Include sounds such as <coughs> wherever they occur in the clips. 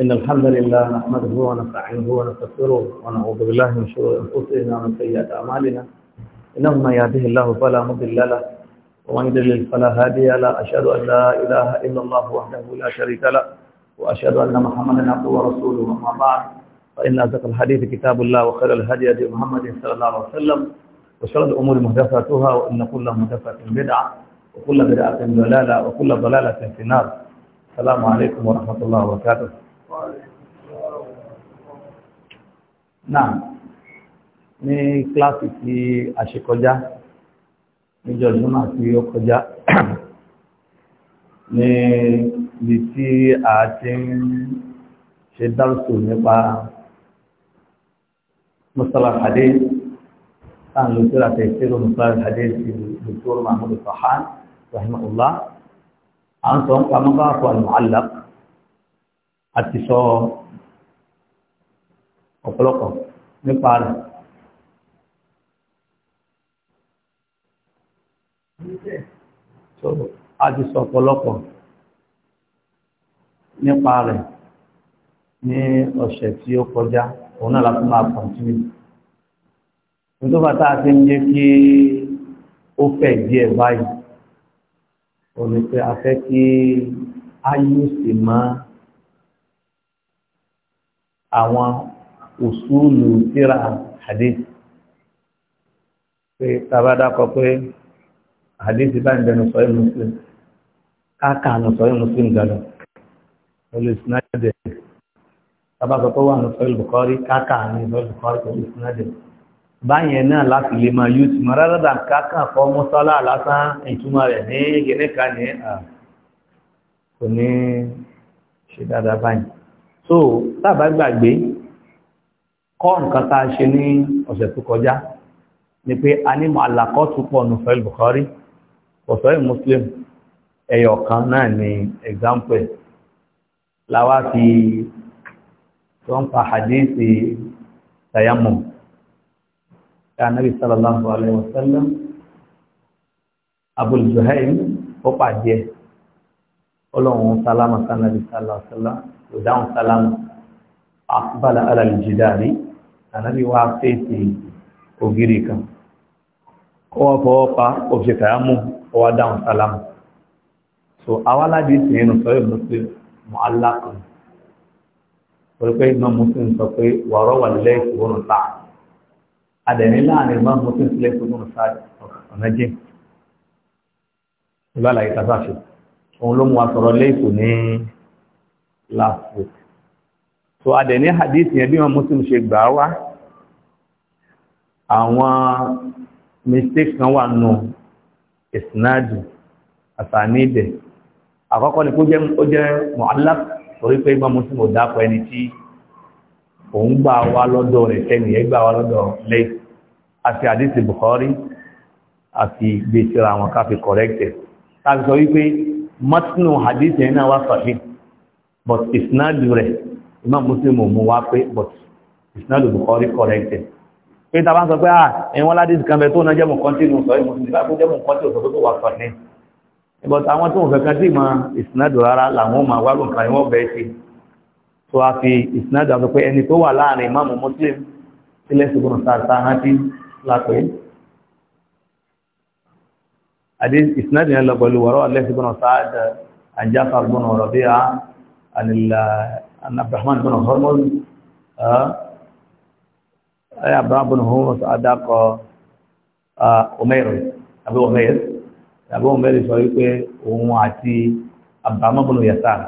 إن الحمد لله نحمده ونستعينه ونستغفره ونعوذ بالله من شرور أنفسنا ومن سيئات أعمالنا إنه من يهده الله فلا مضل له ومن يضلل فلا هادي له أشهد أن لا إله إلا الله وحده لا شريك له وأشهد أن محمدا عبده ورسوله أما بعد فإن أصدق الحديث كتاب الله وخير الهدي هدي محمد صلى الله عليه وسلم وشر الأمور محدثاتها وإن كل محدثة بدعة وكل بدعة ضلالة وكل ضلالة في النار السلام عليكم ورحمة الله وبركاته náà ní kíláàsì tí a ṣe kọjá níjọ́ ìjọ́nà tí ó kọjá <clears throat> ní ibi tí a ti ń ṣe dárúsù nípa mustala hadith kan lu sura tafsir mustala hadith di Dr. Mahmud Sahan rahimahullah an so pa ma ba ko al muallaq àti sọ ọ̀pọ̀lọpọ̀ nípa rẹ̀. a ti sọ ọ̀pọ̀lọpọ̀ nípa rẹ̀ ní ọ̀sẹ̀ tí ó kọjá òun náà láti máa kọ̀ntínú. nítorí bàtà àti ń jẹ́ kí ó fẹ̀ díẹ̀ báyìí òun ni pé a fẹ́ kí a sì máa àwọn òṣùlù tíra hadith pé tàbádá kọ pé hadith bá ń bẹnu sọ́yìn muslim káàkàánù sọ́yìn muslim gàlọ́ olùsínádẹ̀ tàbádá kọ wà ní sọ́yìn bukhari káàkàánù sọ́yìn bukhari olùsínádẹ̀ báyẹn náà láti lè máa yóò ti máa rárá dà káàkàn fọ́ mọ́sálà lásán ìtumọ̀ rẹ̀ ní gẹ̀ẹ́nìkan ní kò ní ṣe dáadáa báyìí so tábà gbàgbé kọ́ nǹkan tá a ṣe ní ọ̀sẹ̀ tó kọjá ni pé a ní àlàkọ́ tó pọ̀ nù fẹ́ Bukhari ọ̀fẹ́ Muslim ẹyọ kan náà ni example láwá fi tó ń pa hadithi tayammum ya nabi sallallahu alaihi wasallam Abul Juhaym ó pàdé ọlọ́run sálámà sánàbí sálàsálà kò dáhùn sálámà àkúbàlà alàlìjìdáàrí ànábì wá fèsì ògiri kan ọwọ́ fọwọ́ pa òṣèkàyà mú ọwọ́ dáhùn sálámà so àwa aládìí sì nínú sọ́yọ̀ muslim mọ́álá kan pẹ̀lúpẹ́ iná muslim sọ pé wàrọ̀ wà lẹ́yìn ìṣòro sáà adẹ̀ní láàrin iná muslim sílẹ̀ ìṣòro sáà ọ̀nà jẹ́ ìbálàyé tàbí àṣẹ òun ló mú wa sọ̀rọ̀ lẹ́ẹ̀kù ní last week so adẹ̀ ní hadith yẹn bí wọn muslim ṣe gbà wá àwọn mistake kan wà nù ìsinádù àtànídẹ̀ àkọ́kọ́ ni kó jẹ́ ó jẹ́ mu'allaq torí pé ìmọ̀ muslim ò dápọ̀ ẹni tí òun gbà wá lọ́dọ̀ rẹ̀ tẹ́nìyẹ gbà wá lọ́dọ̀ lẹ́ẹ̀kù àti hadith Bukhari àti gbèsè àwọn káfí corrected tàbí sọ wípé matinu hadith yẹn náà wá sahih but isnadu rẹ̀ imam muslim ò mú wá pé but isnadu bukhari corrected pé ta bá ń sọ pé à ẹ̀wọ́n ládé kan tó náà jẹ́mù kan sọ yìí muslim bá kó jẹ́mù kan tí ò sọ pé kó wá sahih but àwọn tó ń fẹ́ kan tí ìmọ̀ isnadu rárá làwọn máa wá lóǹkà ìwọ̀n wà láàrin muslim sílẹ̀ ṣùgbọ́n sáà sáà حديث اسناد يلا قال وراء الله بن سعد عن جعفر بن ربيعه عن عن عبد الرحمن بن هرمز اي عبد الرحمن بن هرمز ادق عمير ابو عمير ابو عمير sọ wípé òun àti abdulrahman bin yasar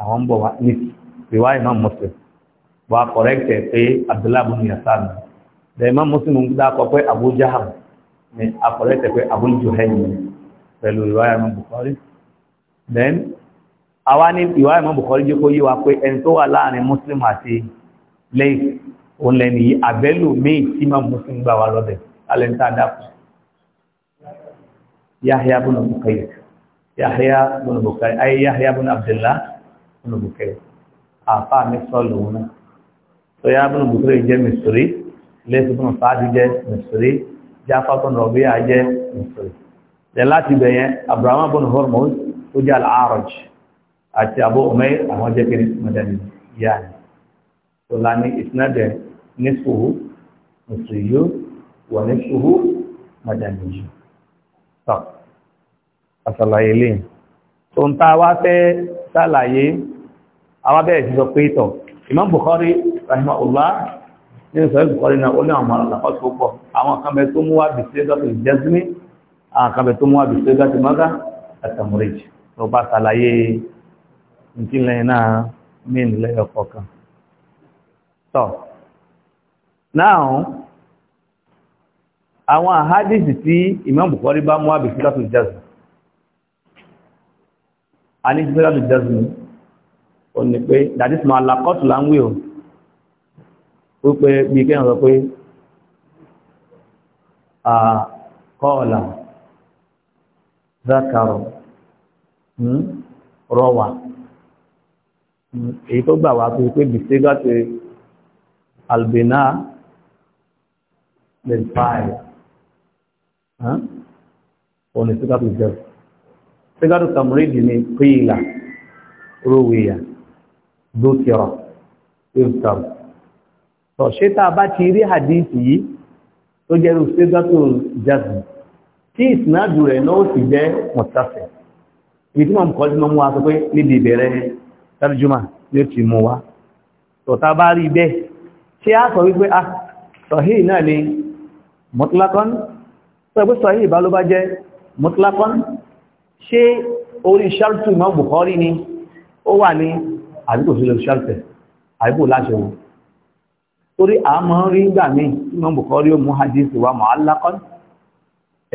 àwọn bọ̀ wá ní ìwá imam muslim wà kọ̀rẹ́kẹ̀ pé abdullahi bin yasar ni the ni akọ̀lẹ́tẹ̀ pé abúlùjù hẹ́yìn pẹ̀lú ìwáyà mọ́ Bukhari then àwa ní ìwáyà mọ́ Bukhari jẹ́ kó yíwa pé ẹni tó wà láàrin Muslim àti lẹ́yìn òun lẹ́ni yìí àbẹ́lù míì tí mọ́ Muslim gbà wá lọ́bẹ̀ alẹ́ntà dákù Yahya bùnú Bukayr Yahya bùnú Bukayr ayé Abdullah bùnú Bukayr àfáà mi sọ so Yahya bùnú Bukayr Misri lẹ́sùn bùnú Fáàdì jẹ́ Misri jáfàtún rọ̀bíyà jẹ́ ìfẹ́ láti bẹ̀yẹn abraham bin hormuz ó jẹ́ al-araj àti abu umair àwọn jẹ́ kiri madani yaani tó lani ìsinadẹ̀ nísùhù mùsùlùmí wà nísùhù madani yìí tọ́ àṣàlàyé lẹ́yìn tó ń ta wá fẹ́ ṣàlàyé àwọn abẹ́rẹ́ ti nínú sọ̀rọ̀ ìkọlẹ̀ náà ó ní àwọn àlàfà tó pọ̀ àwọn kan bẹ tó mú wá bìí sẹ́gàtì jẹ́sìmí àwọn kan bẹ tó mú wá bìí sẹ́gàtì mọ́gá àtàmúrèjì ló bá ṣàlàyé ìpínlẹ̀ náà àhádìsì tí Imam Bukhari bá mú wá bìí sẹ́gàtì jẹ́sìmí a ní sẹ́gàtì jẹ́sìmí ó ní pé dàdísìmọ̀ àlàkọ́tù láńwé o wípé bí kí wọ́n sọ pé kọ́ọ̀là zákàrọ̀ hmm, rọwà hmm, èyí tó gbà wá tó pé bìsígá ti albina lè fàáyì hmm, òun ni sígá tó jẹ́ sígá tó tàmúrídì ni kíìlà róòwìyà dókìrọ̀ ìfẹ̀rọ̀ tọ̀ ṣé tá a bá ti rí hadith yìí tó jẹ́ irú ṣégbàtò jazm tí ìsìnàjù rẹ̀ náà sì jẹ́ mọ̀tàfẹ́ ibi tí wọ́n kọ́ sí mọ́ mú wa sọ pé níbi ìbẹ̀rẹ̀ tarjuma ni ó ti mú wa tọ̀ tá a bá rí bẹ́ẹ̀ ṣé a sọ wípé a ah, sahih náà ni mutlaqan sọ pé sahih ìbá ló bá jẹ́ mutlaqan ṣé orí ṣáàtù mọ́ Bukhari ni ó wà ní àdúgbò sílẹ̀ ṣáàtù àdúgbò láṣẹ torí àmọ́ rí gbà mí Imam Bukhari ó mú hadisi wa mu'allaqan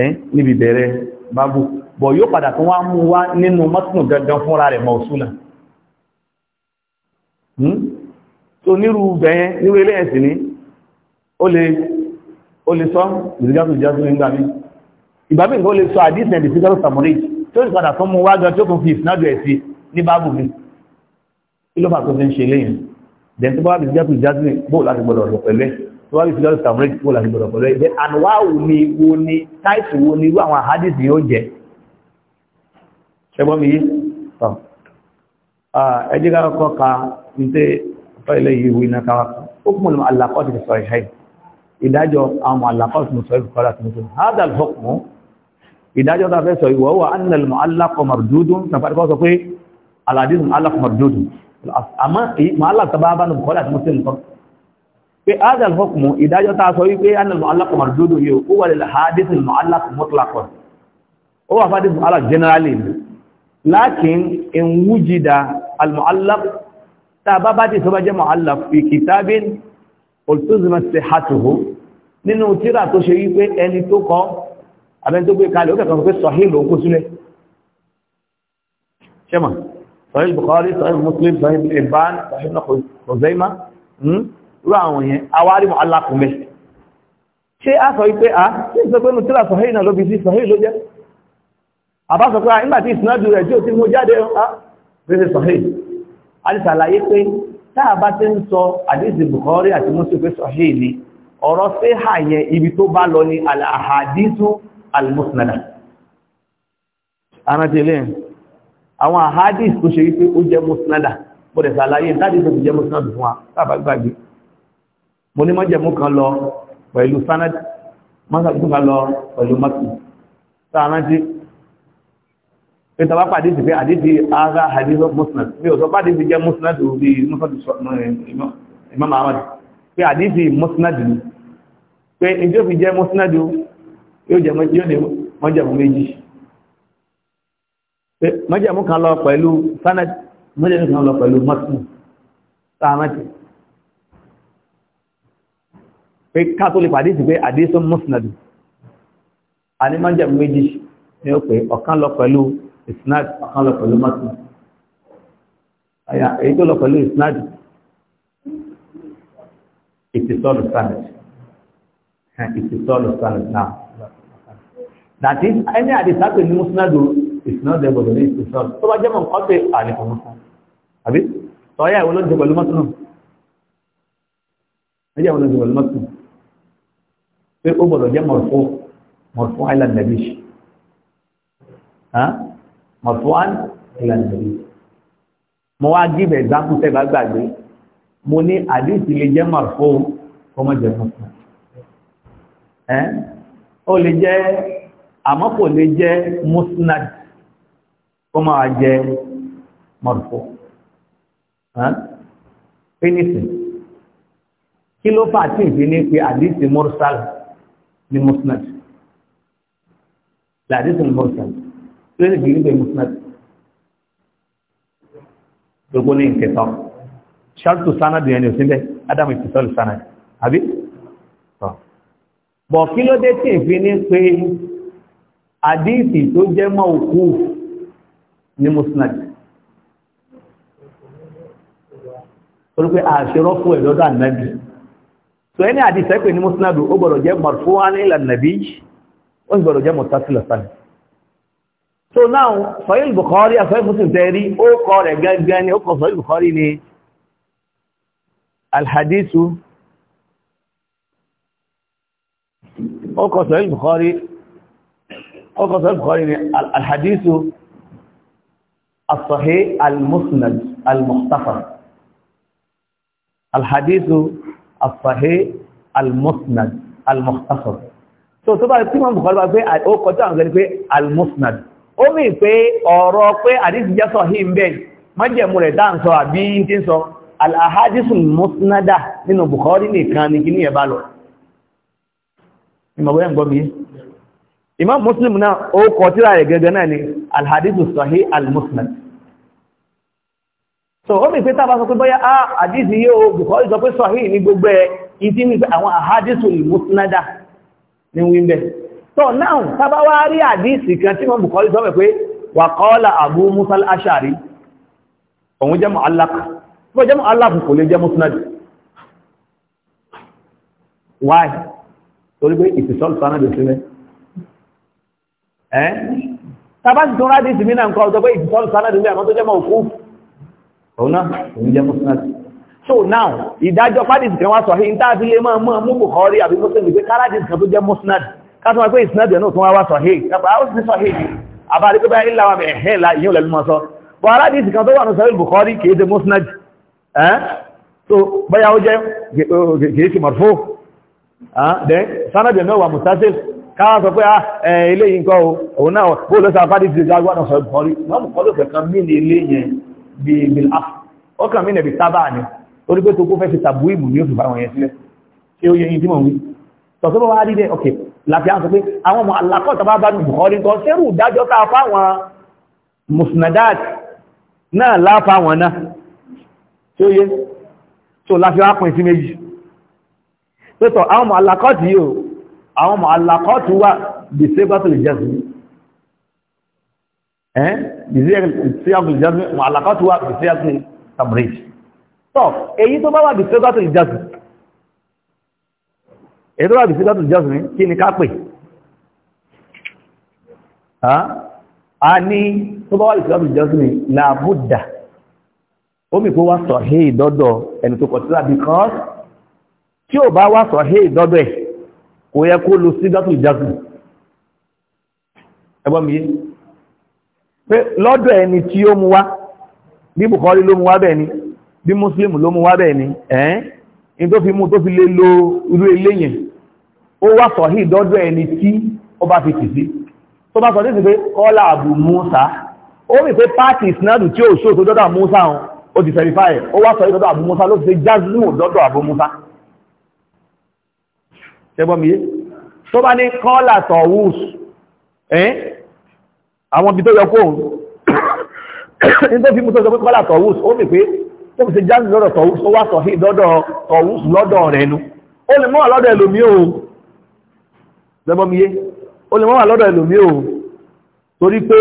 ẹ́ níbi bẹ̀rẹ̀ bábú bọ̀ yóò padà tó wá mú wá nínú mọ́tún gangan fúnra rẹ̀ mọ̀súlà tó hmm? nírú bẹ̀yẹn nírú ilé ẹ̀sì ní ó lè sọ ìdíjásù ìdíjásù nígbà mí ìgbàmí nǹkan ó lè sọ àdísì tó fi ń ṣe léyìn then tó bá bí jẹ́ ìjází bóò láti gbọ́dọ̀ lọ pẹ̀lú ẹ̀ tó bá bí fi lọ́rọ̀ tàbí bóò láti gbọ́dọ̀ pẹ̀lú ẹ̀ then ànúwà wo ni wo ni táìsì wo ni irú àwọn àhádìsì yóò jẹ ṣẹgbọ́n mi yí ẹ jẹ́ ká kọ́ ka n tẹ́ ọ̀tọ́ ilé yìí wo iná káwá ó kún mọ̀ àlàkọ́ ti sọ ìṣe ìdájọ́ àwọn àlàkọ́ ti sọ ìfọ̀kọ́ láti mú hadal hukmu ìdájọ́ ta fẹ́ sọ ìwọ̀ wà annal mu'allaq àmọ́ èyí ma aláàtàbá bá ní bukọ́lá àti muslim kan pé adal hukumu ìdájọ́ ta sọ wípé annal mu'allaq mardudu yóò ó wà lè hadith mu'allaq mutlaqan ó wà fadith mu'allaq generally lakin in wujida al mu'allaq ta bá bá ti sọ bá jẹ́ mu'allaq fi kitabin ultuzima sọ̀rọ̀ Bukhari sọ̀rọ̀ Muslim sọ̀rọ̀ Ibn sọ̀rọ̀ náà Khuzaima hmm? rú àwọn yẹn awárí mọ̀ alákùnmẹ́ ṣé a sọ wípé a ṣe sọ pé nùtílà sọ̀hẹ́ ìnà ló bí sí sọ̀hẹ́ ló jẹ́ àbá sọ pé nígbà tí ìsinádù rẹ̀ tí ó ti mú jáde a fẹ́fẹ́ sọ̀hẹ́ alìsàlàyé pé táà bá ti ń sọ àdíṣì Bukhari àti Muslim pé sọ̀hẹ́ ni ọ̀rọ̀ sí hà yẹn ibi tó bá lọ ní al-ahadithu àwọn àhádìs tó ṣe wípé ó jẹ́ mọ́sánádà bọ́dẹ̀ sàlàyé láti tó fi jẹ́ mọ́sánádà fún wa tàbà gbàgbé mo ní mọ́jẹ̀mú kan lọ pẹ̀lú sanad mọ́sàkùn kan lọ pẹ̀lú mọ́sù sáàrántí pé tàbá pàdé sí pé àdífi ara àdífi mọ́sánádà mi ò sọ bá dìfi jẹ́ mọ́sánádà bí eh, imam ahmad pé àdífi mọ́sánádà ni pé ìjọ́ fi jẹ́ mọ́sánádà yóò jẹ́ mọ́jẹ̀mú méjì mọ́jẹ̀mú kan lọ pẹ̀lú sanad mọ́jẹ̀mú kan lọ pẹ̀lú mọ́tún sáàmẹ́tì pé kátólì pàdé sí pé àdísùn mọ́sùnàdù a ní mọ́jẹ̀mú méjì ní ó pé ọ̀kan lọ pẹ̀lú isnad ọ̀kan lọ pẹ̀lú mọ́tún èyí tó lọ pẹ̀lú isnad ìtìsọ́lù sanad ìtìsọ́lù sanad náà that is ẹni àdìsápè ní mọ́sùnàdù ìsìnàdì ẹgbọ̀dọ̀ ní ìsìnàdì tó bá jẹ́ mọ̀ nǹkan tẹ àlẹ́kùn mọ́sán àbí tọ́yà ìwọ ló ń jẹ pẹ̀lú mọ́tún náà ẹjẹ́ ìwọ ló ń jẹ pẹ̀lú mọ́tún pé ó gbọ́dọ̀ jẹ́ mọ̀fún mọ̀fún island nabish mọ̀fún island nabish mo wá give example tẹ́ bá gbàgbé mo ní àdéhìí lè jẹ́ mọ̀fún kọ́mọ jẹ mọ̀fún ó lè jẹ́ àmọ́ kò lè jẹ́ musnad kó máa jẹ mọ̀rùfó pínísì kí ló fà tí ìdí ní pé àdísì mursal ní musnad làdísì mursal kí ló sì gbé musnad gbogbo ní ìkẹtọ ṣáàtù sánàdù yẹn ni òsínbẹ́ adam ìkẹtọ́lù sánàdù àbí bọ̀ kí ló dé tí ìfi ní pé àdísì tó jẹ́ mọ́ òkú ní musnad olùpẹ̀ àṣírọ́fù ẹ̀ lọ́dọ̀ ànábì so ẹni àdìsẹ́ pé ní musnad ó gbọ́dọ̀ jẹ́ marfu'an ila nàbí ó sì gbọ́dọ̀ jẹ́ mọ̀tásílẹ̀ sani so now sọ́yìn Bukhari àfẹ́ fúnṣin tẹ́rí ó kọ rẹ̀ gẹ́gẹ́ ni ó kọ sọ́yìn Bukhari ni alhadisu ó kọ sọ́yìn الصحيح المسند المختصر الحديث الصحيح المسند المختصر so tó bá tí wọ́n bùkọ́ lọ́wọ́ pé ó kọjá àwọn gẹ́gẹ́ pé almusnad ó mì pé ọ̀rọ̀ pé àdísì jẹ́ sọ hìm bẹ́ẹ̀ májẹ̀mú rẹ̀ dáà ń sọ àbí tí ń sọ alahadisu musnada nínú Bukhari nìkan ní kí ní ẹ̀bá lọ ìmọ̀gbẹ́ ń gbọ́ mi Imam Muslim náà ó kọ tíra rẹ̀ gẹ́gẹ́ náà ni alhadithu sahih almusnad so ó mi pé tàbá sọ pé bóyá á àdísì yóò bùkọ́ ìsọ pé sahih ní gbogbo ẹ̀ ìdí wípé àwọn àhádìsù musnada ní wíńbẹ̀ so now tàbá wá rí àdísì kan tí wọ́n bùkọ́ ìsọ pé wà qala Abu Musa al-Ash'ari òun jẹ́ mu'allaq bó jẹ́ mu'allaq kò lè jẹ́ musnad why torí pé ìtìsọ́lù sanad sílẹ̀ ẹ́ tàbá ti tún rádìsì mí náà nǹkan ọjọ́ pé ìtìtọ́lù sánàdì ní àmọ́ tó jẹ́ mọ̀ òkú òun òun jẹ́ mọ́sánàdì so now ìdájọ́ pádìsì kan wá sọ ahí níta àti lè máa mọ́ mú kò kọ́ rí àbí mọ́sánàdì pé kárádìsì kan tó jẹ́ mọ́sánàdì kátó wọn pé ìsinàdì náà tún wá sọ sọ ahí ni àbárí pé báyìí láwọn àmì ẹ̀hẹ́ la ìyẹn lẹ́nu mọ́ sọ bọ́ aládìsì kan tó wà ní sọ so báyà ó jẹ́ kìí then sánàdì náà wà mùsásẹ́sì káwọn sọ pé ah, eléyìí nǹkan òun náà bó ló sá fádìí ti gbàgbọ́ náà sọ ìbọ̀rí wọ́n mú af ah, ó kàn ni orí pé tó kó fẹ́ fi tàbú ìmù ní òfìfà wọn yẹn sílẹ̀ wá rí dẹ́ ok láti àwọn sọ pé àwọn ọmọ alákọ̀ tàbá bá mi bùkọ́ rí sẹ́rù dájọ́ tá fáwọn musnadat náà láfa wọn náà ṣé ó yẹ tó láfi wá pín sí méjì pé àwọn ọmọ alákọ̀ àwọn mọ̀lákọ́tù wà bí sígbàtù ìjẹ́sì ẹ́n bí sígbàtù ìjẹ́sì mọ̀lákọ́tù wà bí sígbàtù tabrij tọ́ èyí tó bá wà bí sígbàtù ìjẹ́sì èyí tó bá bí sígbàtù ìjẹ́sì kí ni ká pè a ní tó bá wà bí sígbàtù ìjẹ́sì làbúdà ó mì kó wá sọ̀hé ìdọ́dọ̀ ẹni tó kọ̀ tí ó bá wá sọ̀hé ìdọ́dọ̀ ẹ̀ kò yẹ kó lo sígátù ìjásù ẹgbọ́n mi yé pé lọ́dọ̀ ẹni tí ó mú wá bí Bukhari ló mú wá bẹ́ẹ̀ ni bí Muslim ló mú wá bẹ́ẹ̀ ni ẹ̀ẹ́n in tó fi mú tó fi lè lo irú ilé yẹn ó wá sọ̀hí dọ́dọ̀ ẹni tí ó bá fi tìsí tó bá sọ ní sí pé kọ́lá àbù Musa ó rí pé pàtì ìsinádù tí ó ṣó tó dọ́dọ̀ Musa ó ti fẹ́rifáì ó wá sọ̀hí dọ́dọ̀ àbù Musa ló ti ṣe jazmu dọ́dọ̀ àbù Musa tẹ́gbọ́mìyé tó bá ní kọ́lá tọ̀wùs ẹ́n àwọn ibi tó yọ kóhùn <coughs> ní tó fi mú tó sọ pé kọ́lá tọ̀wùs ó mì pé tó fi ṣe jáàzì lọ́dọ̀ tọ̀wùs ó wá sọ̀hí lọ́dọ̀ tọ̀wùs lọ́dọ̀ rẹ̀ nu ó lè mọ́wà lọ́dọ̀ ẹlòmí o tẹ́gbọ́mìyé ó lè mọ́wà lọ́dọ̀ ẹlòmí o torí pé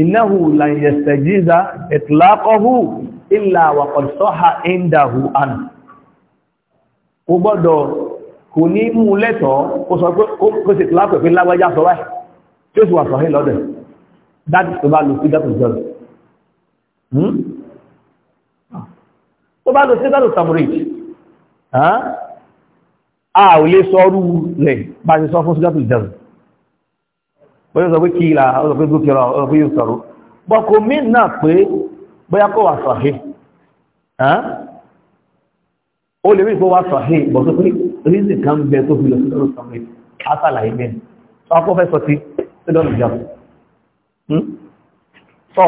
innahu la yastajiza itlaqahu illa wa qad saha an ó gbọ́dọ̀ kò ní mú lẹ́tọ̀ọ́ kó sọ pé kó sì lápẹ̀ pé lágbájá sọ báyìí tí ó sì wà sọ hìn lọ́dẹ̀ dájú tó bá lò sí dátò jọrọ tó bá lò a ò lè sọrú rẹ̀ bá ṣe sọ fún sí dátò jọrọ bóyá sọ pé kí ìlà ọ̀sọ̀ pé gòkè ọ̀rọ̀ ọ̀rọ̀ pé yóò sọ̀rọ̀ bọ́ kò mí náà pé bóyá kó wà sọ̀hìn ó lè rí ìgbó wá sọ̀hí bọ̀ tó pé rízì kan bẹ tó fi lọ sí lọ́rọ̀ sọ̀rọ̀ kásàlà ìgbẹ́ sọ akọ́ fẹ́ sọ ti tó dọ́nà ìjà hmm? sọ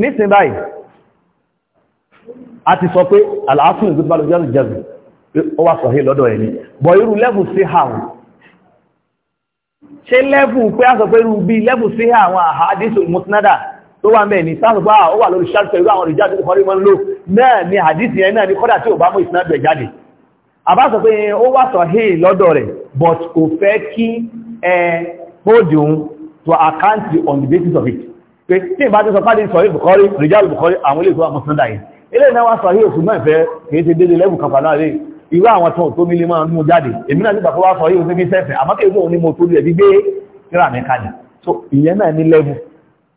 nísìn báyìí a ti sọ pé àlàáfún ìgbé bá lọ́jọ́ ìjẹ́bù ó wá sọ̀hí lọ́dọ̀ ẹni bọ̀ irú lẹ́bù mutnada tó wà mẹ́ni sáàsùpá ah, ó wà lórí ṣáàtẹ̀ irú àwọn ìjáde ìkọrí náà ni hadith yẹn náà ni kọ́dà tí ò bá mú ìsinadọ̀ jáde àbá sọ pé ó wà sọ hey lọ́dọ̀ rẹ̀ but kò fẹ́ kí ẹ pódì òun to account on the basis of it pé tí ìbá ti sọ pàdé sọ ìbùkọ́rí rìjálù bùkọ́rí àwọn ilé ìfowópamọ́ sọ́dà yìí ilé náà wà sọ hey òfin náà fẹ́ kìí ṣe dédé lẹ́bù kàfà náà rè irú àwọn tó tó mílí máa mú jáde èmi náà nígbà tó wá sọ hey ni mo tó lè bí gbé kíra mi kalẹ̀ so ìyẹn náà ní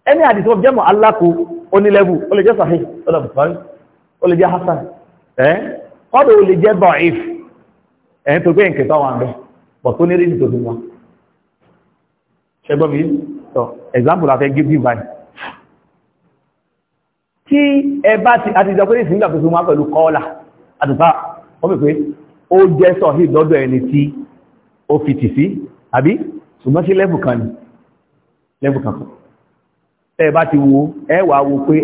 ẹni àdìsọ́ jẹ́mọ̀ aláko ó ní lẹ́bù ó ọlọ́bùkọ́rí ó lè jẹ́ hasan ẹ́ kọ́dọ̀ ó lè jẹ́ da'if ẹ̀ tó gbé nǹkan tó wà ń bẹ̀ bọ̀ tó ní rí ní tòun wọn ṣẹgbọ́n mi sọ example afẹ́ give you by ẹ bá ti àti ìjọ pé ìsìn ìgbà tó fi wọn pẹ̀lú kọ́ọ̀là àtùpá wọ́n pè pé ó jẹ́ sọ̀hí lọ́dọ̀ ẹni tí ó fi tì sí àbí ṣùgbọ́n sí lẹ́bù kan ni lẹ́bù kan kan bá ti wo ẹ wá wo pé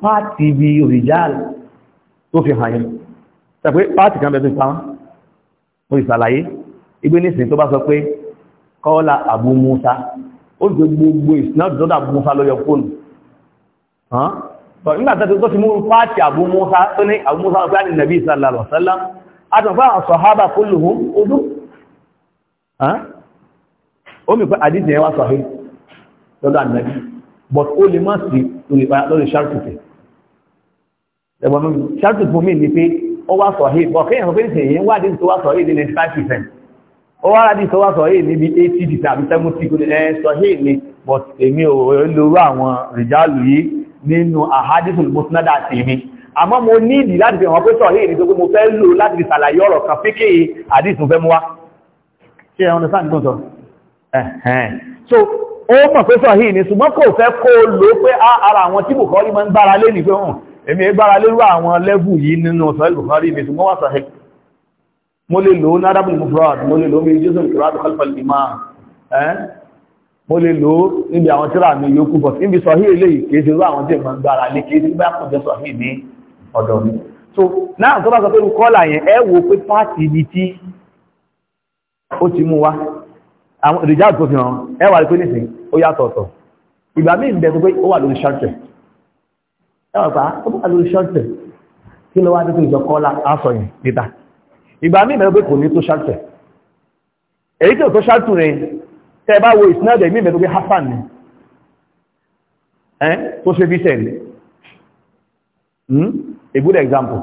pàtì bí rìjáàlì tó fi hàn yín tàbí pàtì kan bẹ̀rẹ̀ sáwọn mo ìsàlàyé ibi nísìn tó bá sọ pé kọ́ọ́lá Abu Musa ó jẹ gbogbo ìsìnàdì tó dà Abu Musa lọ́yọ fóònù nígbà tó ti mú pàtì Abu Musa tó ní Abu Musa wọ́n pẹ́ nàbí sallallahu alaihi wasallam àtàkùn àwọn sọ̀hábà kulluhum odú ó mi pẹ́ àdíjẹ̀ wá sọ̀hí lọ́dọ̀ ànàbí but ó lè má sí lórí ṣàrùkùtì ẹ̀gbọ́n mi ṣáàtù fún mi ní pé ó wá sọ yìí bọ̀ kéèyàn pé ṣe èyí wádìí tó wá sọ yìí ní ninety five percent ó wá rádìí tó wá sọ yìí níbi eighty percent àbí seventy percent ẹ sọ yìí ni but èmi ò lórú àwọn rìjálù yìí nínú àhádìsùn mọ́túnádà àti mi àmọ́ mo ní ìdí láti fi hàn pé sọ yìí ni tó pé mo fẹ́ lò láti fi ṣàlàyé ọ̀rọ̀ kan fíkè àdìsùn fẹ́ mú wá ṣe ẹ̀ ọ̀nà sáà so ó mọ̀ pé sọ yìí ni ṣùgbọ́n kò fẹ́ kó lò pé ah, ara àwọn tí bùkọ́rí máa ń gbára lé nìgbẹ́ hàn hmm, èmi gbára lérú àwọn lẹ́bù yìí nínú sọ́ìlù Bukhari mi ṣùgbọ́n wà sahih mo lè lò ó ní adábùn mufrad mo lè lò ó mi jésù kìrádù khalfal imam mo lè lò ó níbi àwọn tíra mi yókù bọ̀ níbi sahih ilé kìí rú so náà tó bá sọ pé kọ́là yẹn ẹ wo pé pàtì ibi tí ó ti mú wa àwọn ìrìjáàtò fi hàn ẹ wà ẹwọ̀pá ó bá lórí ṣọ́ọ̀tẹ̀ kí ló wá ní ìjọ kọ́lá aṣọ̀yìn níta ìgbà mí mẹ́rin pé kò ní tó ṣáàtẹ̀ èyí tí ò tó ṣáàtù rẹ̀ tẹ́ bá wo ìsinádẹ̀ mí mẹ́rin pé hasan ni ẹ́ tó ṣe fi sẹ́ẹ̀lì hmm? a good example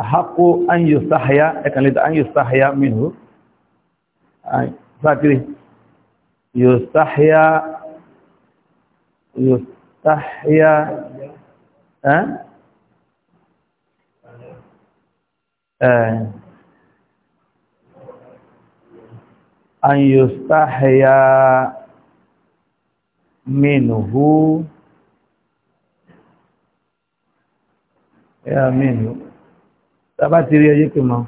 ahaqqu an yustahya akan lidah an yustahya minhu fakri yustahya yustahya ha eh an yustahya minhu ya minhu tàbá ti rí ẹyẹ pè mọ́.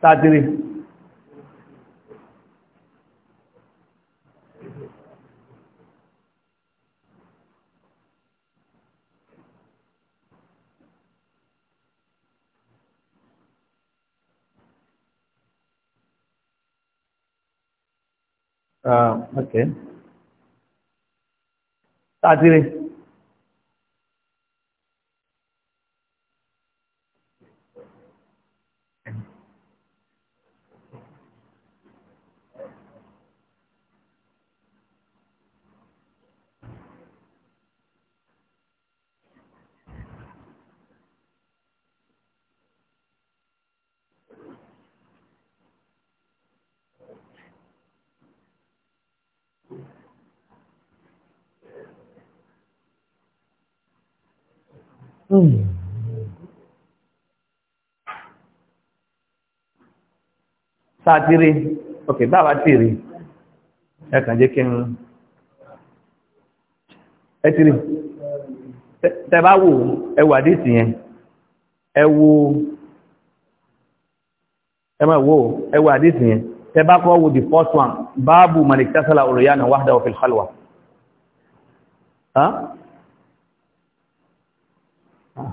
Tàdírí. Ah, okay. Sátíré. sáàtírí ok báwa tíìrí ẹkàn jẹ́ kí n ẹtírí tẹ́bá wò ẹwà àdísì yẹn ẹwò ẹmọ̀ wò ẹwà àdísì yẹn tẹ́bá kọ́ wò the first one báàbù manikasala olóyánà wáhdà òfin halwa Ah.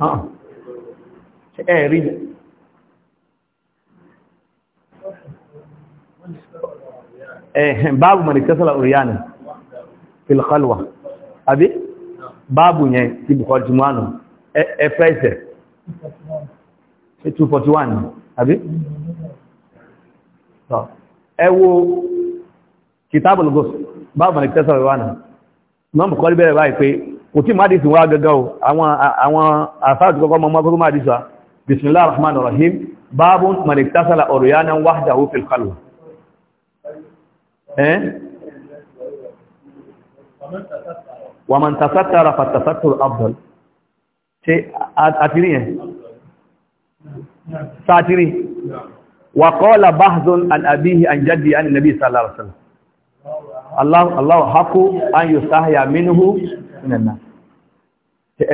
Ah. ṣe ẹ̀ rí ni báàbù mọ̀rẹ̀ kẹsàlá oríyàní filkalwa àbí báàbù yẹn ti bukọ̀ jùmọ́nù ẹ̀fẹ́ ìsẹ̀ 241 àbí ẹwọ kìtàbùl gọ́sù báàbù mọ̀rẹ̀ kẹsàlá oríyàní mọ́mù kọ́ bẹ̀rẹ̀ báyìí pé kò tí máa dìsìn wá gẹ́gẹ́ o àwọn àfáàtì kọ́kọ́ mọ́ mọ́kọ́kọ́ máa dìsà bismillah rahman rahim bábún mọ̀lẹ̀tásàlà ọ̀rọ̀ yá náà wáhdà ó fi kálù wà mọ̀ tàṣátàrà fàtàṣátàrà abdul ṣe àtìrí yẹn sátìrí wà kọ́ọ̀lá báhzun an abihi an jaddi Allahu haqqu an yustahya minhu nana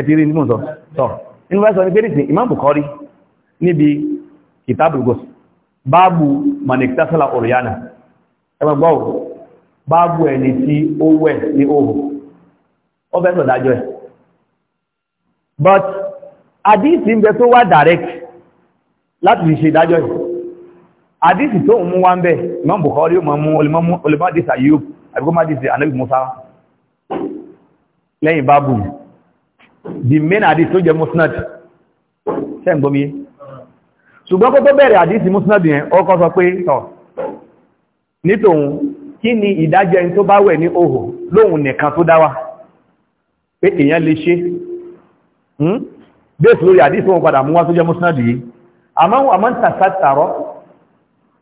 ẹ̀dìrí nínú sọ sọ inú wẹ́sọ ní pẹ́lú Imam Bukhari níbi Kitabul Ghusl báàbù maniktasala oriana ẹgbẹ̀gbọ́ báàbù ẹni tí ó wẹ̀ ní ohùn ó fẹ́ sọ dájọ́ ẹ̀ but àdíìsì ń bẹ tó wá direct láti fi ṣe dájọ́ ẹ̀ àdíìsì tó ń mú wá ń bẹ Imam Bukhari ó mọ́ mú olùmọ́dìsà yóò àbíkọ́ má dìsí ànábì Musa lẹ́yìn báàbù di main hadith tó jẹ musnad ṣẹ́ ń gbọ́mí ṣùgbọ́n kó tó bẹ̀rẹ̀ hadith musnad yẹn ọkọ̀ sọ pé tọ̀ nítòun kí ni ìdájọ́ ẹni tó bá wẹ̀ ní òhò lóhun nìkan tó dáwà pé èèyàn lè ṣe hmm? bẹ́ẹ̀ lórí hadith wọn padà mú wá tó jẹ musnad yìí àmọ́ àmọ́ ń tàṣàtàrọ́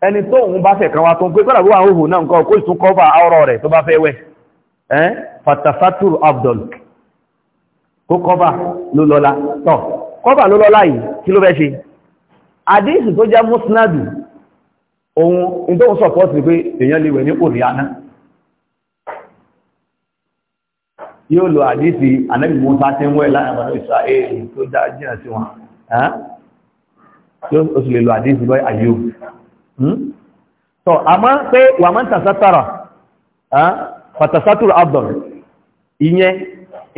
ẹni tó òun bá fẹ̀kan wa tó ń pé kọ́nà wíwà òhù náà nǹkan kó ìtún kọ́fà ọ̀rọ̀ rẹ̀ tó bá fẹ́ wẹ̀ ẹ́n fatafatur abdul kó kọ́fà ló lọ́lá tọ́ kọ́fà ló lọ́lá yìí kí ló fẹ́ ṣe àdéhùn tó jẹ́ musnadu ohun ìdóhun sọ̀pọ̀tì pé èèyàn lè wẹ̀ ní òrìàná yóò lo àdéhùn anábì musa tí ń wẹ̀ láàrin àwọn ìsirahẹ́lì tó tọ́ hmm? àmọ́ pé wà mọ́ tàṣátàrà pàtàṣátùrù abdul ìyẹn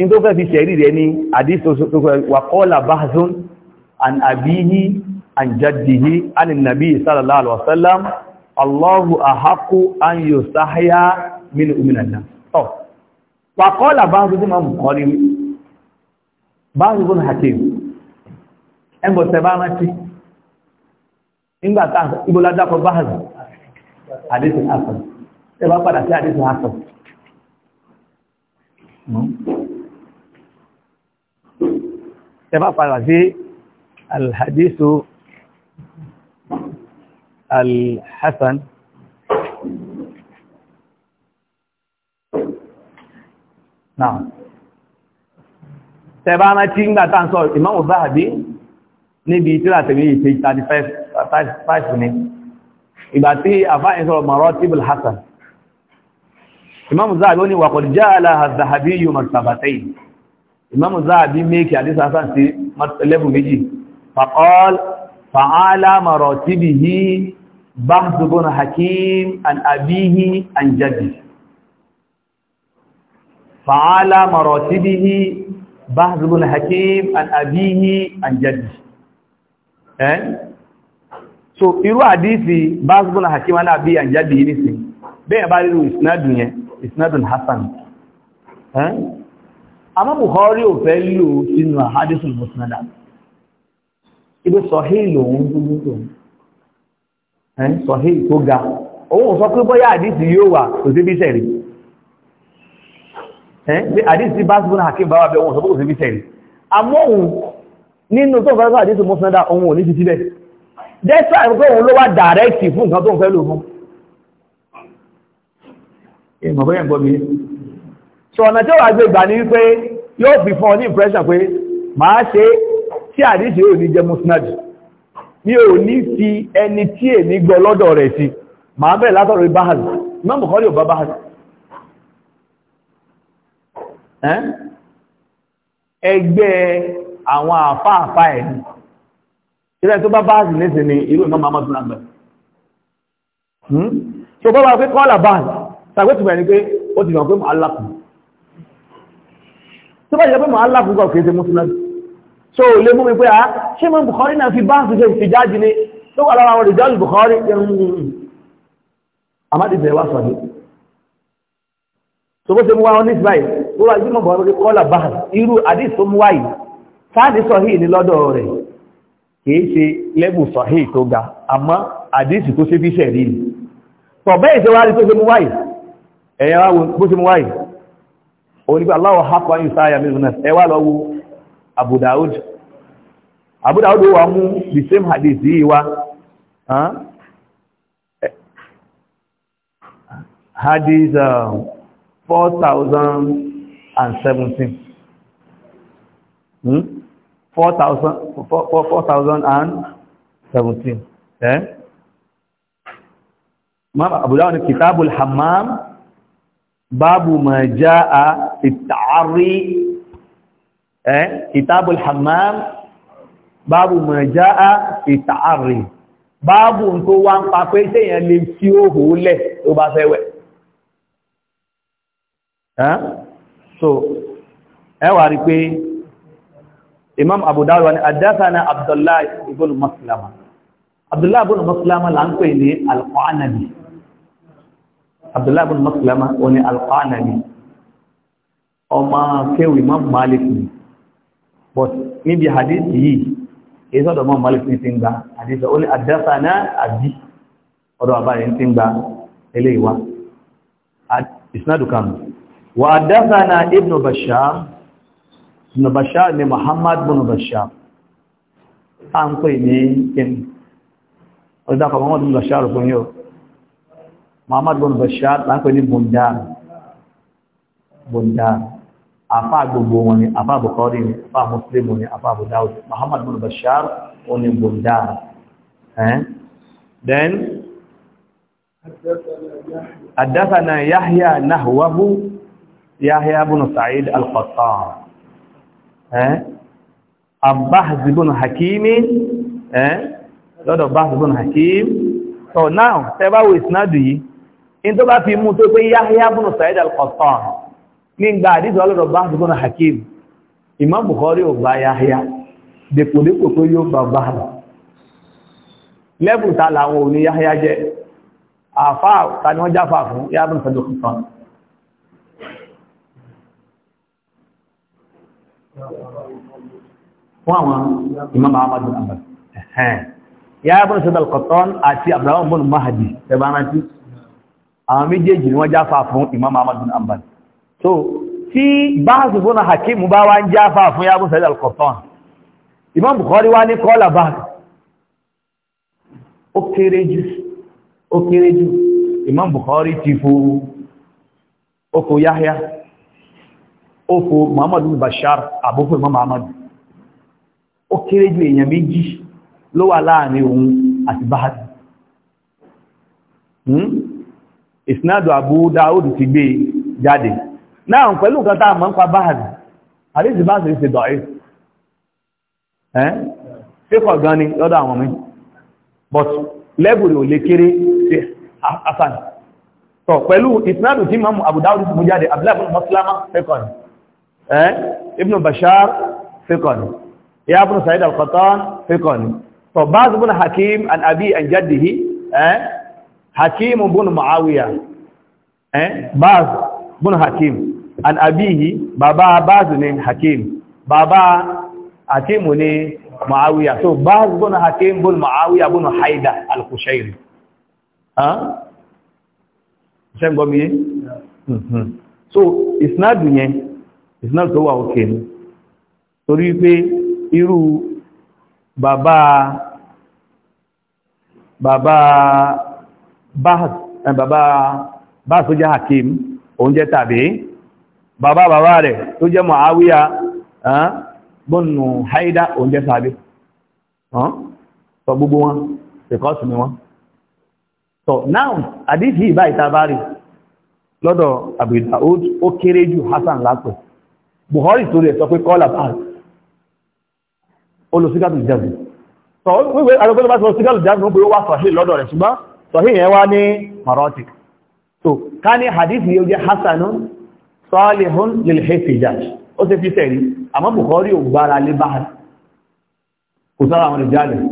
in tó fẹ́ fi ṣẹ̀rí rẹ̀ ní àdísọ́sọ́wàkọ́lá bahzun an abihi an jaddihi an nabi sallallahu alaihi wasallam allahu ahaku an yustahya min uminanna tọ́ wàkọ́lá bahzun tí ma ń kọ́ ní bahzun hakim ẹgbọ̀sẹ̀ bá rántí nígbà tá ibola dákọ̀ báhàzì àdéṣe hasan ẹ bá padà sí àdéṣe hasan ẹ hmm? bá padà sí alhadisu alhassan náà tẹ bá rántí nígbà tá ń sọ ìmáàmù Zahabi níbi tíra tẹ̀lé ìpé táìsì ní ìgbà tí àfáàyìn sọ̀rọ̀ maratibul hasan imamu zahabi ó ní wa qad ja'ala az-zahabiyyu martabatayn imamu zahabi méèkì àdís hasan sí lẹ́bù méjì faqala fa'ala maratibihi bahth ibn hakim an abihi an jaddihi fa'ala maratibihi bahth ibn hakim an abihi an jaddihi eh? so irú àdíìsì báṣgún àkíwá náà bí àjáde yìí nìsìn bẹ́ẹ̀ bá rírù ìsinádùn yẹn ìsinádùn hassan àmọ́ Bukhari ò fẹ́ lò sínú àhádìsùn musnada ibi sọ̀híìlì òun tó gúnjò sọ̀híìlì tó ga òun sọ pé bóyá àdíìsì yóò wà kò sí bí sẹ̀rí àdíìsì báṣgún àkíwá bá wà bẹ́ òun sọ pé kò sí bí sẹ̀rí àmọ́ òun nínú tó fẹ́ dẹ́sà ìpínlẹ̀ òun ló wá dàrẹ́kì fún nǹkan tó ń fẹ́ lò fún ìmọ̀ bẹ́yẹ̀ gbọ́ mi so ọ̀nà tí ó wà gbé ìgbà ní wípé yóò fi fún ọ ní impression pé máa ṣe tí àdíṣe ò ní jẹ musnad ní ò ní fi ẹni tí è ní gbọ́ lọ́dọ̀ rẹ̀ sí máa bẹ̀rẹ̀ látọ̀rọ̀ bahaz mọ́mù kọ́ lè bá bahaz ẹgbẹ́ àwọn àfáàfáà ẹ̀ ilẹ̀ tó bá báàzì lẹ́sẹ̀ ni irú ìmọ́ mamadu nàgbẹ̀ hmm? so bọ́ bá pé kọ́lá báàzì sàgbẹ́tùmẹ̀ ni pé ó ti mọ̀ pé mọ̀ alákùn tó bá jẹ́ pé mọ̀ alákùn kọ̀ kéèsè mùsùlùmí so lè mú mi pé a ṣe mọ́ Bukhari náà fi báàzì ṣe fi jáde ni tó wà lára àwọn ìjọ́lù Bukhari àmádìbẹ̀ wá sọ̀dọ̀ so bó ṣe kọ́lá báàzì irú àdìs tó mú wáyìí sáàdì ní lọ́dọ̀ rẹ̀ kìí ṣe lẹ́bù sọ̀hí tó ga àmọ́ àdísì tó ṣe fi ṣẹ̀rí ni tọ̀bẹ́ ìṣẹ́wárí tó ṣe mú wáyìí ẹ̀yẹ wá bó ṣe mú wáyìí onígbà aláwọ̀ hapọ̀ yìí sáyà mìíràn ẹwà lọ wo Abu Daud Abu Daud wà the same hadith yìí wá hadith uh, um, 4017 hmm? 4017 eh mara abu dawud kitabul hammam babu majaa jaa eh kitabul hammam babu majaa jaa fi ta'arri babu nto wa npa pe teyan le fi oho le eh so ẹ wá rí imam abu dawud ni hadathana abdullah ibn maslama abdullah ibn maslama la nko ni al-qanabi abdullah ibn maslama oni al-qanabi ọmọ kéwì imam malik ni but níbi hadith yìí èyí sọ́dọ̀ imam malik ní ti ń gba hadith ó ní hadathana àbí ọ̀dọ̀ àbáyé ti ń gba eléyìí wá wa hadathana ibn bashar ibn Bashar ni Muhammad ibn Bashar a ń pè ní kíni ọdọ́kọ̀ Muhammad ibn Bashar fún yóò Muhammad ibn Bashar la ń pè ní Bundar Bundar afá gbogbo wọn ni afá Bukhari ni afá Muslim ni afá Abu Muhammad ibn Bashar ó ní Bundar then حدثنا يحيى نحوه يحيى بن سعيد القطان Eh? abáhazibun hakimi eh? lọ́dọ̀ abáhazibun hakim so now several ways náà dù yìí in tó bá fi mú tó pé yáhíyá bùn sa'id al-qattan ní gba àdíjọ́ lọ́dọ̀ abáhazibun hakim imam bukhari ò gba yáhíyá dèpòdépò tó yóò gba abáhazibun lẹ́bùn ta làwọn òní yáhíyá jẹ́ àfáà ta wọ́n jáfà fún yáhíyá bùn sa'id al-qattan fún àwọn imam ahmadu abad ẹ̀hẹ́n ya ibn sa'd al-qattan àti abdullahi ibn mahdi tẹbánátí àwọn méjèèjì ni wọ́n jáfà fún imam ahmadu abad so tí báàsù fún hakim bá wá ń jáfà fún ya ibn sa'd al-qattan imam bukhari wá ní kọ́lá báàsù ó kéré jù ó kéré imam bukhari ti fún oko ó fò Muhammadu Bashar àbúfò Imam Muhammadu ó kéré ju èèyàn méjì ló wà láàrin òun àti Bahati hmm? ìsinádù Abu Dawud ti gbé jáde náà pẹ̀lú nǹkan tá a mọ̀ ń pa Bahati àdéjì bá sì ṣe dọ̀ẹ́ ẹ́ fíkọ̀ gan ni lọ́dọ̀ àwọn mi but lẹ́bùrì ò lè kéré sí Hasan pẹ̀lú ìsinádù tí Imam Abu ti mú jáde abdullahi Maslama fíkọ̀ ni Eh? ibn bashar fiqani ya ibn sa'id al-qattan fiqani to ba'd ibn hakim an abi an jaddihi eh? hakim ibn muawiya eh? ba'd ibn hakim an abihi baba ba'd ni hakim baba hakim ni muawiya so ba'd ibn hakim ibn muawiya ibn haida al-qushairi ha ṣé ń gbọ́ mi mm-hmm. so isnad yẹn ìsìnà tó wà òkè ní torí pé irú bàbá bàbá bá sójá hakim oúnjẹ tàbí bàbá bàbá rẹ̀ tó jẹ́ Muawiya gbọ́nù haida oúnjẹ tàbí sọ gbogbo wọn ìkọ́sù ni wọn so now àdíjì ìbá ìtàbárì lọ́dọ̀ Abu Daud ó kéré jù Hassan lápẹ̀ buhari torí ẹ̀ sọ pé call up out olùsígàtù jẹ́bù sọ wípé arọ́gbẹ́lẹ́ bá sọ sígàtù jẹ́bù pé ó wá sọ̀hí lọ́dọ̀ rẹ̀ ṣùgbọ́n sọ̀hí yẹn wá ní marotic so ká ní hadith yóò jẹ́ hasanun salihun lil hafijaj ó sì fi sẹ̀rí àmọ́ buhari ò gbára lé bahari kò sára àwọn ìjálẹ̀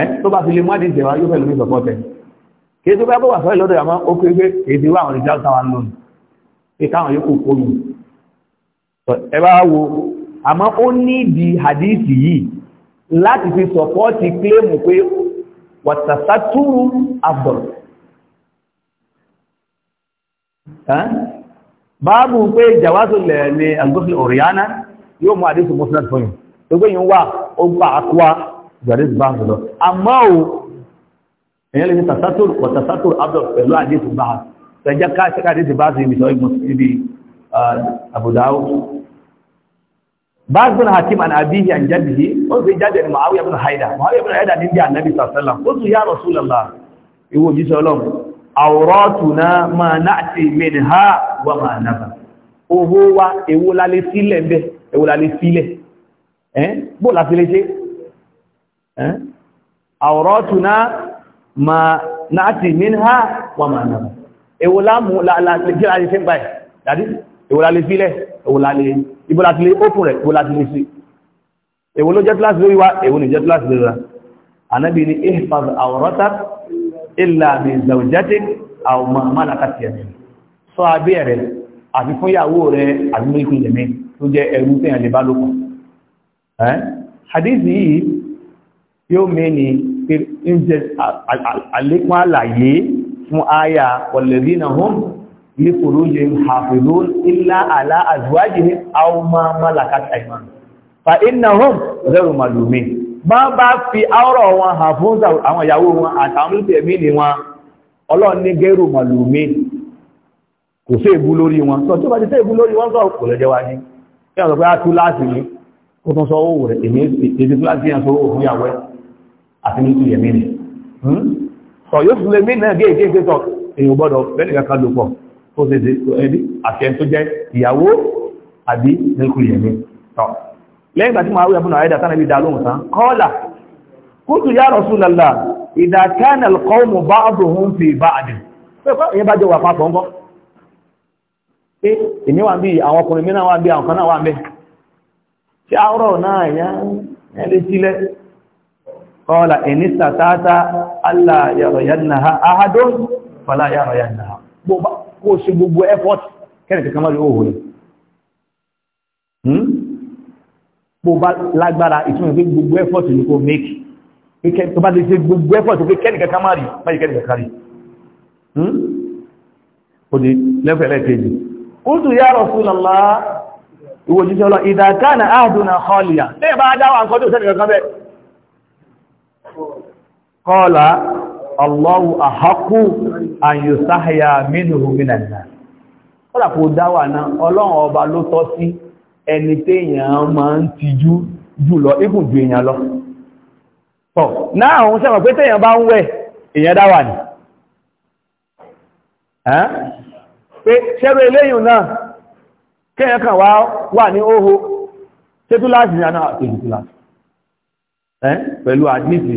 ẹ́ tó bá fi lè mú àdíjẹ̀ wá yóò fẹ́ lómi ẹ bá wo àmọ́ ó ní ìdí hadithi yìí láti fi sọ̀pọ́ọ̀tì kílèmù pé wàtàsátúrù afdal báàbù pé jàwázùlẹ̀ ní àgbófin òrìyàná yóò mú àdísù muslim fún yìí tó gbé yìí wà ó gbà àkúwà jàdísù báàbù lọ àmọ́ ò èyàn lè ní tàsátúrù wàtàsátúrù afdal pẹ̀lú àdísù báàbù tẹjá káàkiri àdísù báàbù ibi uh, Abu Dawud baz bin hakim an abihi an jaddihi ó sì jáde ní muawiya bin haida muawiya bin haida níbi annabi sallallahu ó sì ya rasulallah ìwọ jíṣẹ́ ọlọ́run awratuna ma na'ti minha wa ma naba owó wa èwo la lè sílẹ̀ ńbẹ̀ èwo la lè sílẹ̀ eh bó la sílẹ̀ ṣe eh awratuna ma na'ti minha wa ma naba èwo la mu la la jira ṣe ńbẹ̀ that is èwo la lè sílẹ̀ èwo la lè ibo la ti lè ókùn rẹ̀ èwo la ti lè sí èwo ló jẹ́ kíláàsì lórí wa èwo ni jẹ́ kíláàsì lórí wa ànábì ni ihfaz awrata illa bi zawjatik aw ma malakat yamin sọ abẹ́ rẹ̀ àfi fún ìyàwó rẹ̀ àfi mú ikú ìyẹ̀mí tó jẹ́ ẹrú tẹ̀yàn lè bá lókun hadithi yìí yóò mẹ́ni pé ń jẹ́ àlékún àlàyé fún àyà walladhina hum ní fòróyè hàfìlú ilá àlá àzúwájì ní àwọn mọ́lákàtà ìmọ̀. fa iná hùn rẹ̀rù màlùmí bá bá fi áwọ̀rọ̀ wọn hàn fún àwọn ìyàwó wọn àtàwọn olùtẹ̀mí ni wọn ọlọ́run ní gẹ́rù màlùmí kò sí èbú lórí wọn sọ tó bá ti sí èbú lórí wọn sọ kò lẹ́jẹ́ wá ní kí wọ́n sọ pé á ah, tú láti ní kó tún sọ ó ṣe ṣe ẹbí àti ẹni tó jẹ́ ìyàwó àbí nílùú yẹ̀mí lẹ́yìn ìgbà tí máa wíyà fún àwọn ẹ̀dà tánàbí ìdálóhùn tán kọ́ọ̀lá kútù yá Rasulullah idha kana al-qawmu ba'duhum fi ba'd ẹ̀yẹ́ bá jọ wà papọ̀ ńkọ́ pé èmi wà bí àwọn ọkùnrin mìíràn wà bí kó ṣe gbogbo effort kẹ́rìn kankan mọ́ lè ó hùrẹ̀ hmm? bó bá lágbára ìtumọ̀ pé gbogbo effort ní kó make tó bá lè ṣe gbogbo effort pé kẹ́rìn kankan má rí má rí kẹ́rìn kankan rí hmm? ó di lẹ́fẹ̀ẹ́lẹ́ kejì kúrútù yá Rasulullah ìwòjíṣẹ́ ọlọ́ ìdàkánà àádùnà kọlìyà lẹ́yìn bá dáwà nǹkan tó sẹ́nì kankan bẹ́ẹ̀ kọ́ọ̀lá Allahu ahaku an yusahya minhu minan nar. Kọ́lá kò dáwà náà, ọlọ́run ọba ló tọ́ sí ẹni téèyàn máa ń tijú jùlọ, ikùn ju èèyàn lọ. Tọ̀, náà àwọn sẹ́mọ̀ pé téèyàn bá ń wẹ̀, èèyàn dáwà ní. Pé ṣẹ́rọ eléyìn náà, kéèyàn kan wá wà ní óhó, ṣé túláàsì ní àná àti ìtúláàsì. Pẹ̀lú àdínsì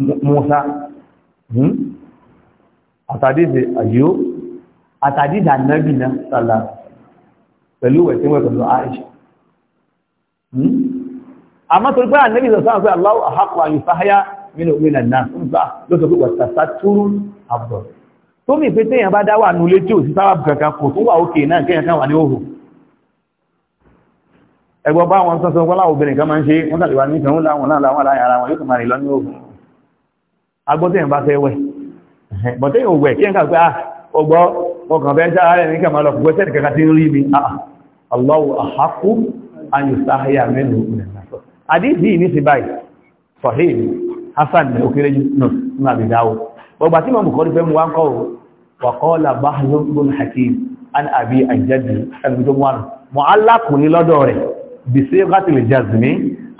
Musa hmm? àtàdìsì àyíó àtàdìsì ànábì náà sàlá pẹ̀lú wẹ̀ tí wọ́n pẹ̀lú àìṣà a má tó gbá ànábì sọ̀sán pé aláwọ̀ àhákọ̀ àyífáháyá nínú òmìnà náà ń gbá lóṣọ pé wàtàsá túrú àbọ̀ tó mì pé téèyàn bá dáwà nulé tí ò sí sáwà kankan kò tún wà òkè náà kéèyàn kan wà ní òhù ẹgbọ́n bá wọn sọ́sọ́ wọn láwọn obìnrin kan máa ń ṣe wọ́n tàbí wà ní ìfẹ́ wọn láwọn láwọn láwọn láyàrá wọn yóò kàn máa rìn lọ ní òhù agbọ́tẹ̀ ìbá fẹ́ wẹ̀ bọ̀tẹ́ yóò wẹ̀ kí n kà pé ọgbọ́ ah, ọkàn fẹ́ sára rẹ̀ ní kẹma lọ gbọ́ sẹ́ẹ̀dì kankan tí ń rí mi ah, Allahu ahaqqu an yustahiya minhu àdíjì hasan ní òkèrè nínú àbìdáwò ọgbà tí mọ̀ mùkọ́ fẹ́ mú wá hakim an abi ajadi ẹni tó bìsí gátìlì jazmi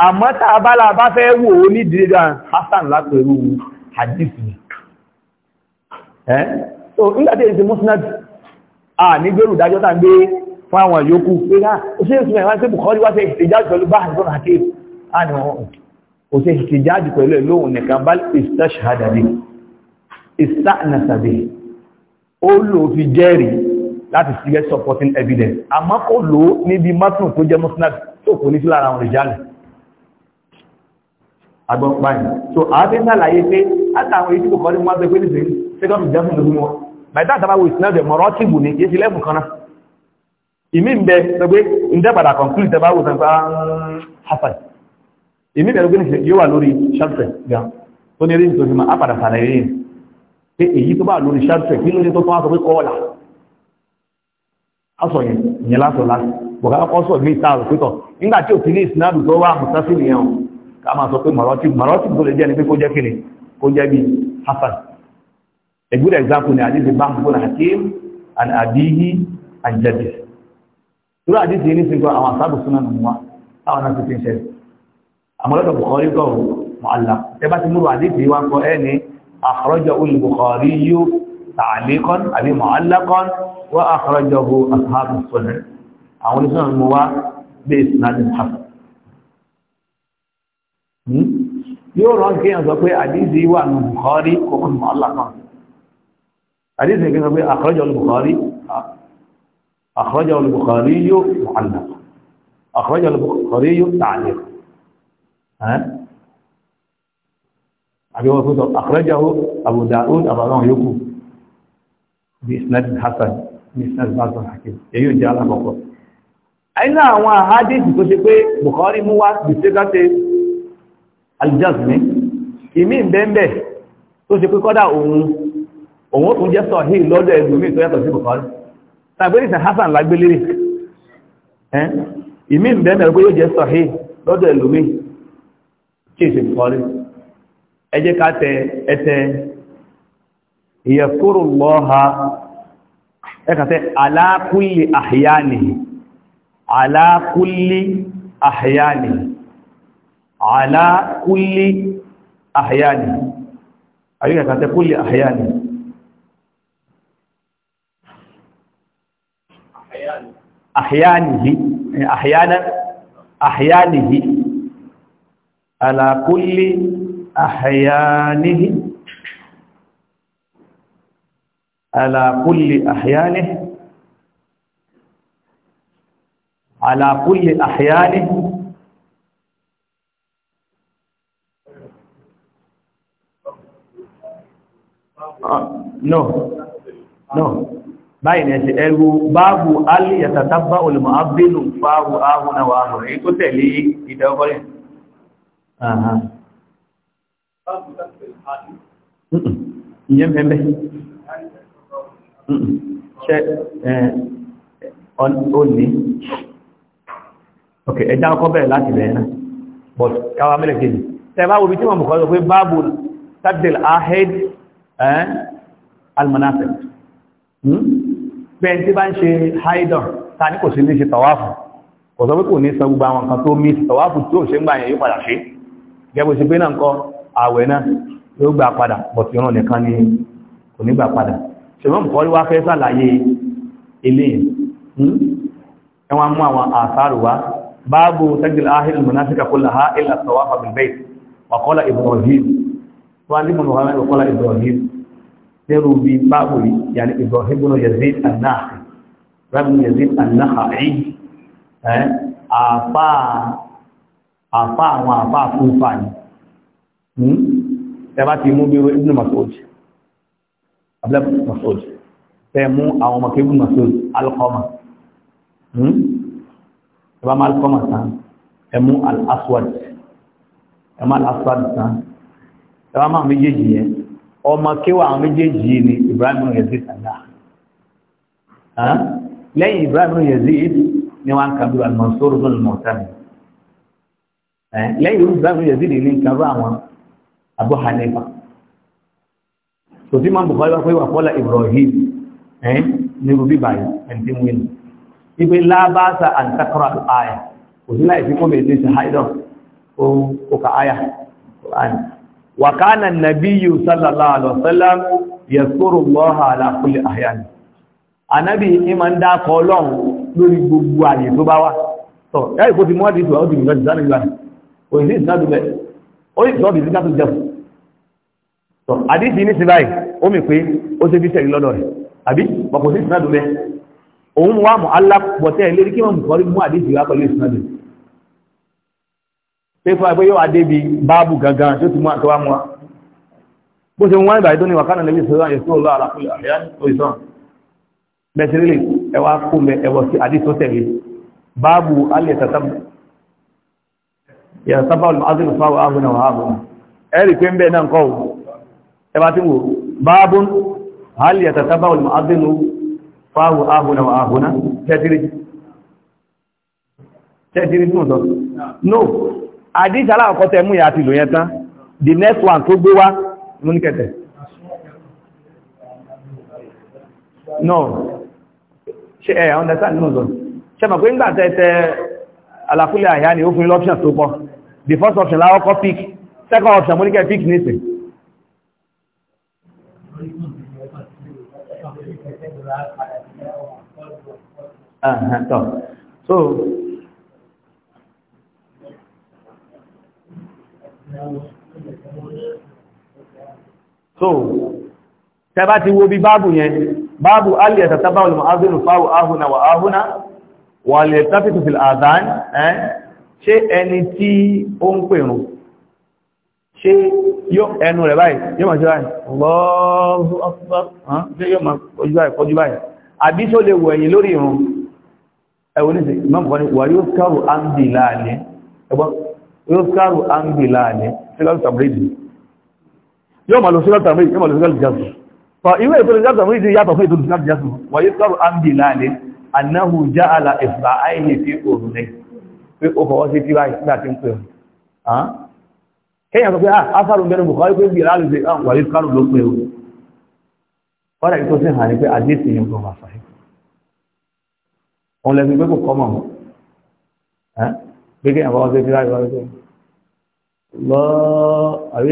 àmọ́ tá a bá la bá fẹ́ wò ó ní dídá hasan látòrú hadith ni ẹ́ so nígbàtí èsì musnad a ní gbèrú dájọ́ tàà ń gbé fún àwọn yòókù pé náà ah, ó ṣe ìsúnmọ̀ ìwáṣẹ́ Bukhari wá ṣe ìtìjáàjì pẹ̀lú bá àjọ àti àni wọn ò ṣe ìtìjáàjì pẹ̀lú ẹ̀ lóhun nìkan bá istashhada bi istanasa bi láti sílẹ̀ supporting evidence àmọ́ kò lò níbi mọ́tún tó jẹ́ musnad tó kò ní sí lára àwọn ìjálẹ̀ agbọ́npáyìn so àwọn tí ń sàlàyé pé látàwọn ìdíkò kọ́ ní wọ́n bẹ́ pé ní sí second jẹ́sùn lórí wọn by that time we smell the moral tìbù ní kìí sí lẹ́fù kan náà ìmí ń bẹ sọ pé ìdẹ́bàdà conclude tẹ́bà wò sẹ́ńpá ah, hasan ìmí bẹ̀rẹ̀ pé ní yóò wà lórí ṣáàtẹ̀ gan tó ní rí ní tòṣìmọ̀ àpàdà sàlàyé pé èyí tó bá lórí ṣáàtẹ̀ kí ló ní tó tó wá sọ pé kọ́ọ̀là aṣọ yẹn ìyẹn lásọ lásọ bọ̀ká kọ́ sọ mí sáà rò pé tọ̀ nígbà tí òfin ní ìsinádù tó ká máa sọ pé mọ̀rọ́tì mọ̀rọ́tì tó lè jẹ́ ní pé kó jẹ́ kiri kó jẹ́ bí hasan a good ni àdíṣe bá ń fún hakim and abiyi and jadi tó rà àdíṣe ní sinko àwọn asábù súnà nù wá táwọn náà ti fi ń ṣe àmọ́lọ́dọ̀ bukhari kọ́ mọ̀ọ́lá ẹ bá ti múrò àdíṣe wá kọ́ ẹ ní àkọ́rọ́jọ olùbukhari yóò tààlékọ́n àbí mọ̀ọ́lákọ́n wọ́n àkọ́rọ́jọ bu asábù yóò rán kí yàn sọ pé àdízi wà ní Bukhari kòkòrò mọ́lákan àdízi kí sọ pé àkọ́jọ́ olùbùkọ́rí àkọ́jọ́ olùbùkọ́rí yóò mọ̀lá àkọ́jọ́ olùbùkọ́rí yóò tààlẹ̀ àbíwọ̀n fúnṣọ àkọ́jọ́ Abu Daud àbàlọ́n yókù bí isnad Hasan bí isnad Hasan hakim èyí ò jẹ́ alákọ̀ọ́kọ́ aljazmi ìmí ìbẹ́ẹ̀bẹ́ tó ṣe pé kọ́dá òun òun tún jẹ́ sọ̀hí lọ́dọ̀ ẹgbùmí tó yàtọ̀ sí bukari tàbí ìsìn hassan lágbélérè ìmí ìbẹ́ẹ̀bẹ́ pé yóò jẹ́ sọ̀hí lọ́dọ̀ ẹgbùmí kí ìṣe bukari ẹ jẹ́ ká tẹ ẹtẹ ìyẹ̀kúrò lọ́ha ẹkàtẹ́ ala kulli ahyani ala kulli ahyani ala kulli ahyani ayo katika kulli ahyani ahyanihi ahyana ahyanihi ala kulli ahyanihi ala kulli ahyanihi ala kulli ahyanihi Ah, no no báyìí ní ẹ̀sẹ̀ ẹrù báàbù alì yàtàtàbà olùmọ̀ abdínú fáàrù ahùn náà ahùn èyí tó tẹ̀lé ìdẹ́ọkọ́rẹ̀ ìyẹn mẹ́mẹ́ ṣe ọ̀nì ok ẹjá ọkọ́ bẹ̀rẹ̀ láti bẹ̀rẹ̀ náà but káwà mẹ́lẹ̀ kejì tẹ́bá obi tí wọ́n mọ̀kọ́ Eh? almanafik bẹ́ẹ̀ hmm? tí bá ń ṣe haidọ̀ ta ní kò sí ní ṣe tọwáfù kò sọ pé kò ní sọ gbogbo àwọn kan tó mí tọwáfù tí ó ṣe ń gbà yẹn yóò padà ṣe gẹ́gbẹ́ sí pé náà kọ àwẹ̀ náà yóò gbà padà bọ̀tí ọ̀nà nìkan ni kò ní gbà padà walimu Muhammad wa qala Ibrahim seru bi babuli yani Ibrahim bin Yazid an-Nakhi Rabbi Yazid an-Nakhai eh apa apa àwọn apa kufa ni hmm tẹ́ bá ti mú bi Ibn Mas'ud abla Mas'ud tẹ́ mú àwọn makke Ibn Mas'ud al-Qama hmm tẹ́ bá mal Qama tán ẹ al-Aswad ẹ mú aswad tán ẹwà máa méjèèjì yẹn ọmọ kéwà àwọn méjèèjì yìí ni Ibrahim Yazid sàdá lẹ́yìn Ibrahim Yazid ni wọ́n kàbí Al-Mansur bin Mu'tamir lẹ́yìn Ibrahim Yazid ni kàbí àwọn Abu Hanifa tòtí máa Bukhari wá pé wà fọ́lá Ibrahim ní rubí báyìí ẹni tí ni ibi lábáṣà àǹtakọ́rọ̀ àyà kò sí láì fi kó mi ètò ìṣe haidọ̀ ó ka àyà kò áyà وكان النبي صلى الله عليه وسلم يذكر الله على كل احيان anabi iman da ko Ọlọ́hun lórí gbogbo ayé tó bá wà so e ko ti mo di to o di mi lati sanu yan o ni sadu be o ni so bi ti ka to jef so hadith ni si báyìí o mi pe o se bi se ri lọ́dọ̀ rẹ̀ àbí ba ko si sadu be ohun wa mu allah bo te le ri ki mo ko ri mu hadith wa ko le sadu pé fún àgbé yóò adébi báàbù gangan tó ti mú àkọwà mú wa bó ṣe wọ́n ìbàdó ni wàkánà lè sọ́rọ̀ èso ọlọ́ àlàkùnlẹ̀ àríyàn òìsàn bẹ̀tìrìlì ẹwà kúmẹ̀ ẹwọ̀ sí àdísọ́ tẹ̀lé báàbù alẹ́ tẹ̀tẹ̀tẹ̀ Tẹ́tìrí tí mo sọ? No, àdíṣà aláàkọ́ tẹ mú ìyà àti ìlò yẹn tán the next one tó gbé wá mú ní kẹtẹ̀ no ṣe ẹ̀ understand nínú ọ̀zọ̀ ṣe mọ̀ pé ń gbà tẹ́tẹ́ àlàfúlẹ̀ àyà ni ó fún option tó pọ̀ the first option láwọ́kọ́ pick second option mú ní kẹ́ pick nísìn Uh -huh, so, so so tẹba ti wo bí báàbù yẹn báàbù alẹ́ tàbá olùmọ̀ azínú fáwọ̀ ahùnà wà ahùnà wà lè tàbítù fìl àdán ẹ́ ṣe ẹni tí ó ń pèrún ṣe yóò ẹnu rẹ̀ báyìí yóò máa ṣe báyìí Allahu Akbar ṣe yóò máa kọjú báyìí kọjú báyìí àbí tó lè wẹ̀yìn lórí ìrun ẹ̀wọ̀n ní yóòkàrù áńgbìlá ní sílọ́tàmìrìdì yóò màlù sílọ́tàmìrìdì yóò màlù sílọ́tàmìrìdì fa ìwé ìtòlù sílọ́tàmìrìdì yàtọ̀ fún ìtòlù sílọ́tàmìrìdì wà yóòkàrù áńgbìlá ní annahu ja'ala ifra'aihi fi urunai pé ó fọwọ́ sí tí báyìí nígbà tí ń pè ọ́ kéèyàn sọ pé afárùn ah, bẹnu Bukhari pé bìrà lè wà yóòkàrù ló pé o wọ́n rẹ̀ tó sì hàn ní pé àdéhùn yẹn kò wà fàáyé òun gbégé yàn fọwọ́ sí ti láti wọlé tó lọ àbí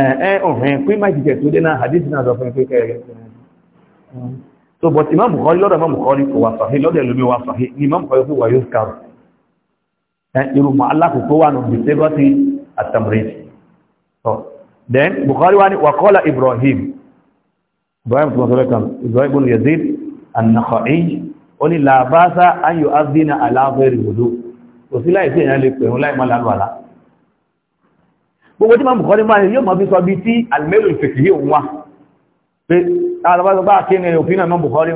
ẹ ẹ ọ̀hìn pé má jìjẹ tó dé náà hadith náà sọ fún pé kẹrẹ so but imam bukhari lọ́dọ̀ imam bukhari kò wà sahih lọ́dọ̀ ẹlòmí wà imam bukhari kò wà yóò kàrù irú ma alákòókò wà nù bìtẹ́bà ti àtàmìrìtì then bukhari wà ní ibrahim ibrahim tó wọ́n kan ibrahim bin yazid an-nakha'i ó ní làbáṣá ayò azina aláàbẹ̀rẹ̀ òdó kò sí láìsí èèyàn lè pẹ̀rún láìmọ́ lálùwàlá gbogbo tí ma bùkọ́ ní máa yóò mọ́ fi sọ bí tí alìmẹ́lò ìfèkì yóò wá pé alàbáṣọ́gbà kíni òfin náà bùkọ́ ní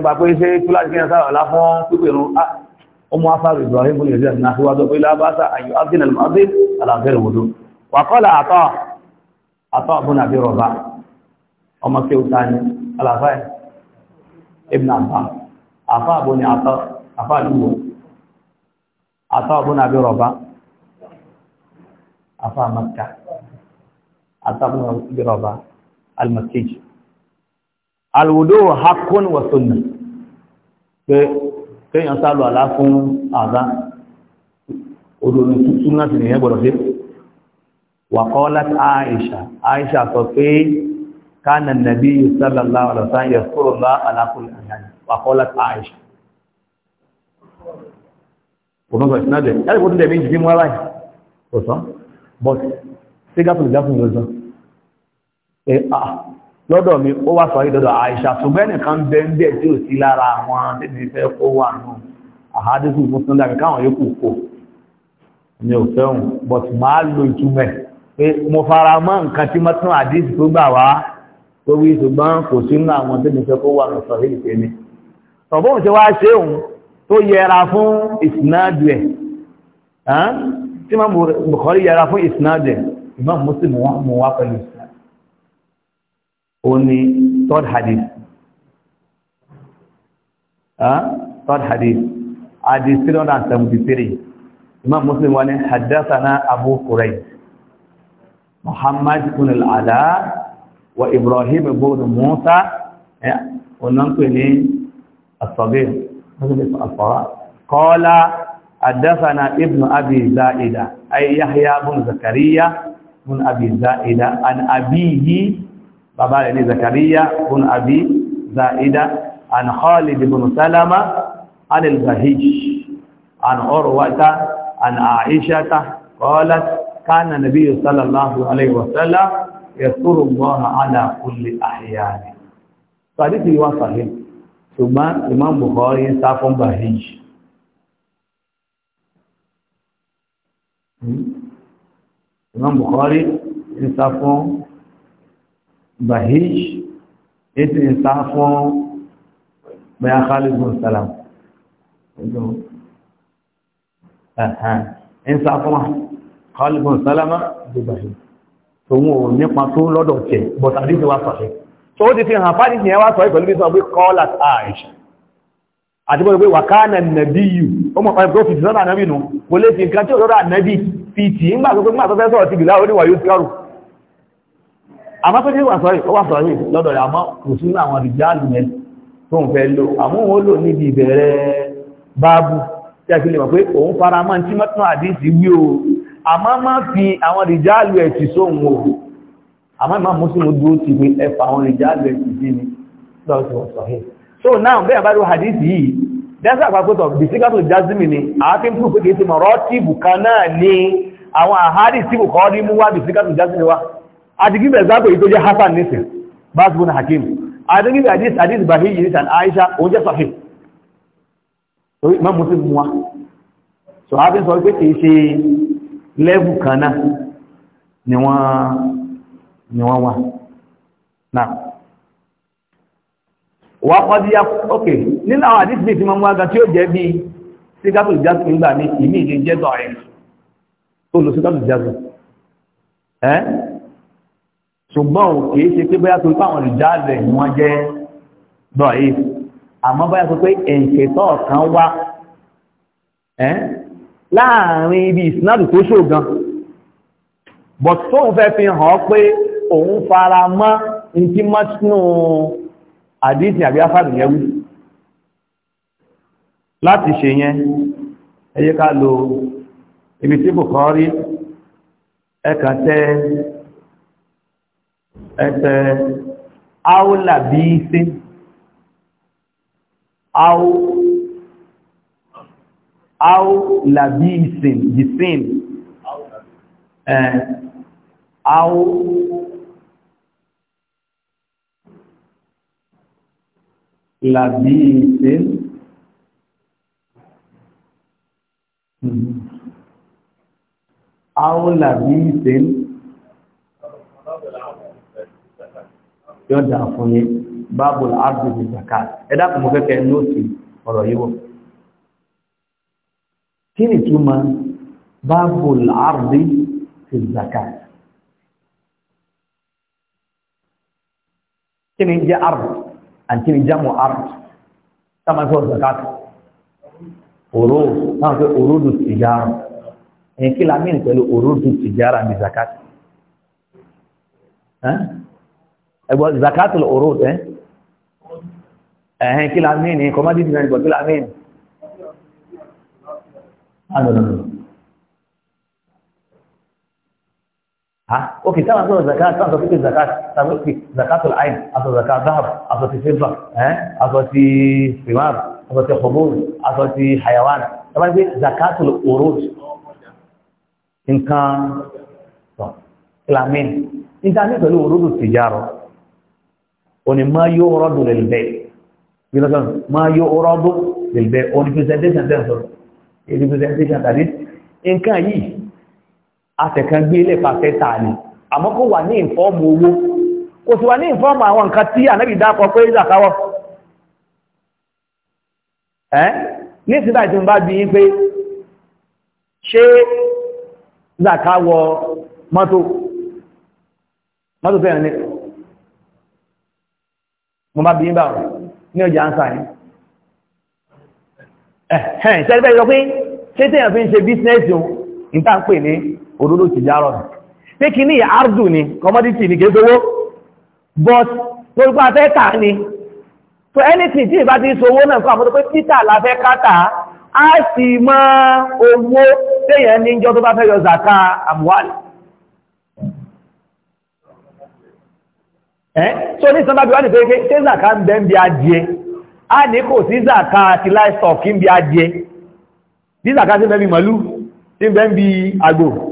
gba pé ṣe ibn Abbas àfá àbò ní àfá àdúgbò àtọ́ àbò nàbí rọ̀bá àfá àmàkà àtọ́ àbò nàbí rọ̀bá almakiji alwudu hakun wa sunna pé kéèyàn sálọ àlá fún àzá odòrò tuntun láti nìyẹn gbọdọ̀ sí wa qalat Aisha Aisha sọ pé kana nabi sallallahu alaihi wasallam yasuru la ala kulli ahyan وقالت عائشة ونظر إسناده يعني قلت ده مين جديد مراي وصا بس سيجا في الجاف نوزا إيه آه lọ́dọ̀ mi ó wá sọ ìdọ́dọ̀ àìṣà ṣùgbẹ́ nìkan bẹ́ẹ̀ tí ó sí lára àwọn àdébí fẹ́ kó wà náà àhádẹ́sù mọ́sán dàbí káwọn yóò kò kò ní òfẹ́ òun but máa lo ìtumẹ̀ pé mo fara mọ́ nǹkan tí mọ́tún àdéhùn tó gbà wá tó wí ṣùgbọ́n kò sínú àwọn àdébí fẹ́ kó wà náà sọ tọ̀bọ́n ṣe wá ṣe òun tó yẹra fún ìsìnáàdù ẹ̀ tí ma Bukhari yẹra fún ìsìnáàdù ẹ̀ Imam Muslim mú wá pẹ̀lú ìsìnáàdù ó ní third hadith third hadith hadith 373 Imam Muslim wá ní haddathana Abu Quraysh Muhammad ibn al-Ala wa Ibrahim ibn Musa ọ̀nà ń pè ní الصغير هذا الفراء قال حدثنا ابن ابي زائده اي يحيى بن زكريا بن ابي زائده عن ابيه بابا يعني زكريا بن ابي زائده عن خالد بن سلمة عن البهيج عن عروه عن عائشه قالت كان النبي صلى الله عليه وسلم يذكر الله على كل احيانه فهذه هي صحيح ṣùgbọ́n Imam Bukhari ń sá fún bahij hmm? Imam Bukhari ń sá fún bahij ètò ń sá fún bayan Khalid bin Salam ń sá fún Khalid bin Salama bí nípa tó lọ́dọ̀ tẹ̀ bọ̀tàdé ti wá sọ̀rọ̀ so ó ti fi hàn fáàdì ìyẹn wá sọ ìpẹ̀lú bí sọ pé call at Aisha àti bọ́ pé wàkánà nàbí yù ó mọ̀ pẹ̀lú fi tìsọ́nà nàbí nù kò lè fi nǹkan tí ó rọ́rọ̀ nàbí fi tì ń gbà tó pé ń gbà tó fẹ́ sọ̀rọ̀ ti bìlá oníwà yóò tíwárù àmọ́ tó jẹ́ wà sọ̀rọ̀ ó wà sọ̀rọ̀ yìí lọ́dọ̀ rẹ̀ àmọ́ kò sínú àwọn àdìjáàlù yẹn tó ń fẹ́ lò àmọ́ òun lò níbi ìbẹ̀rẹ̀ báàbù tí a fi lè mọ̀ pé òun fara mọ́ tí mọ́tún àdìsí wí o àmọ́ má fi àwọn ẹ̀ tì sóhun o àmọ́ ìmá muslim dúró ti pé ẹfà àwọn ìjáàlẹ̀ ìdí ni lọ́sí wọ́n sọ̀hẹ́ so now bẹ́ẹ̀ bá ni àáfin fún pẹ́kẹ́ sí mọ̀rọ̀ tí bùkà náà ní àwọn àhádì tí bùkà rí mú wá bìsíkàtò jazimi wá adigbígbẹ̀ ẹ̀zápò yìí tó jẹ́ hasan hakim adigbígbẹ̀ hadith hadith bahi yìí san aisha ó jẹ́ sọ̀hẹ́ torí so àáfin sọ pé kì í ṣe lẹ́bù kan náà ni wọ́n ni wọ́n wà náà wà kọ́dí ya ókè nínú àwọn àdísìmí tí wọ́n mú aga tí ó jẹ́ bí sígátù jásù ń gbà ní ìmí ìdí jẹ́ dọ̀rẹ́ tó lò sígátù jásù ẹ́ ṣùgbọ́n kìí ṣe pé bóyá tó ń pàwọn ìjáàlẹ̀ ni wọ́n jẹ́ dọ̀rẹ́ àmọ́ ibi tó gan bọ̀ fi hàn pé òun fara mọ́ ní tí mọ́tínú àdísì àbí afárìyẹ́wì láti ṣe yẹn ẹ yẹ ká lo ibi tí Bukhari ẹ̀kà tẹ́ ẹ̀tẹ́ áúlà bí i sí áúlà bí i sí ìsìn ẹ̀ áúlà labisin aw labisin yóò dà fún yín báàbò láàbò ìjàká ẹ̀dá kò mọ̀ kẹ́kẹ́ nóòtì ọ̀rọ̀ yíwọ̀ kí ni túmọ̀ báàbò láàbò ìjàká kí ni jẹ́ àrùn àti ìjámù apt táwọn sọ zakat òró táwọn sọ òródù tìjára ẹ̀yìn kí la mìíràn pẹ̀lú òródù tìjára ní zakat ẹgbọ́n zakat lọ òród ẹ ẹ̀yìn kí la mìíràn kọ́mọ́dé ti náà ní bọ̀ kí la ha okay kama sọ zakat sọ pé zakat sọ pé zakatul ain aṣọ zakat zahab aṣọ ti silver eh aṣọ ti rimar aṣọ ti khubuz aṣọ ti hayawan tàbí pé zakatul uruj nǹkan sọ clamin nǹkan ni pẹ̀lú uruj tijaro oni ma yuradu lil bay bila kan ma yuradu lil bay oni presentation den sọ e presentation that is nǹkan yìí àtẹ̀kan gbé ilẹ̀ pàṣẹ tàà àmọ́ kó wà ní ìfọ́ọ̀mù owó kò sì wà ní ìfọ́ọ̀mù àwọn nǹkan tí ànábì dákọ pé ìzàkáwọ́ ẹ́ ní ìsìnbà tí bá bí pé ṣé ìzàkáwọ́ mọ́tò mọ́tò fẹ́ràn ní bá ní ọjà ánsà ní ẹ̀hẹ́n ṣẹ́lẹ́bẹ̀ẹ́ pé òdòdó ti járọ̀ pé kí ní àrdù ni commodity ni kéèkówó but lórúkọ afẹ́ kà ní so anything tí ìbá ti ń sowó náà fún àmọ́tọ́ pé títà láfẹ́ kátà á sì mọ́ owó téèyàn ní jọ tó bá so ní ìsànbá bí wá ní pé ṣé zaka ń bẹ́ ń bí adìẹ a ní kò sí zaka àti livestock ń bí adìẹ bí zaka sí bẹ́ bí màlúù sí bẹ́ ń bí àgbò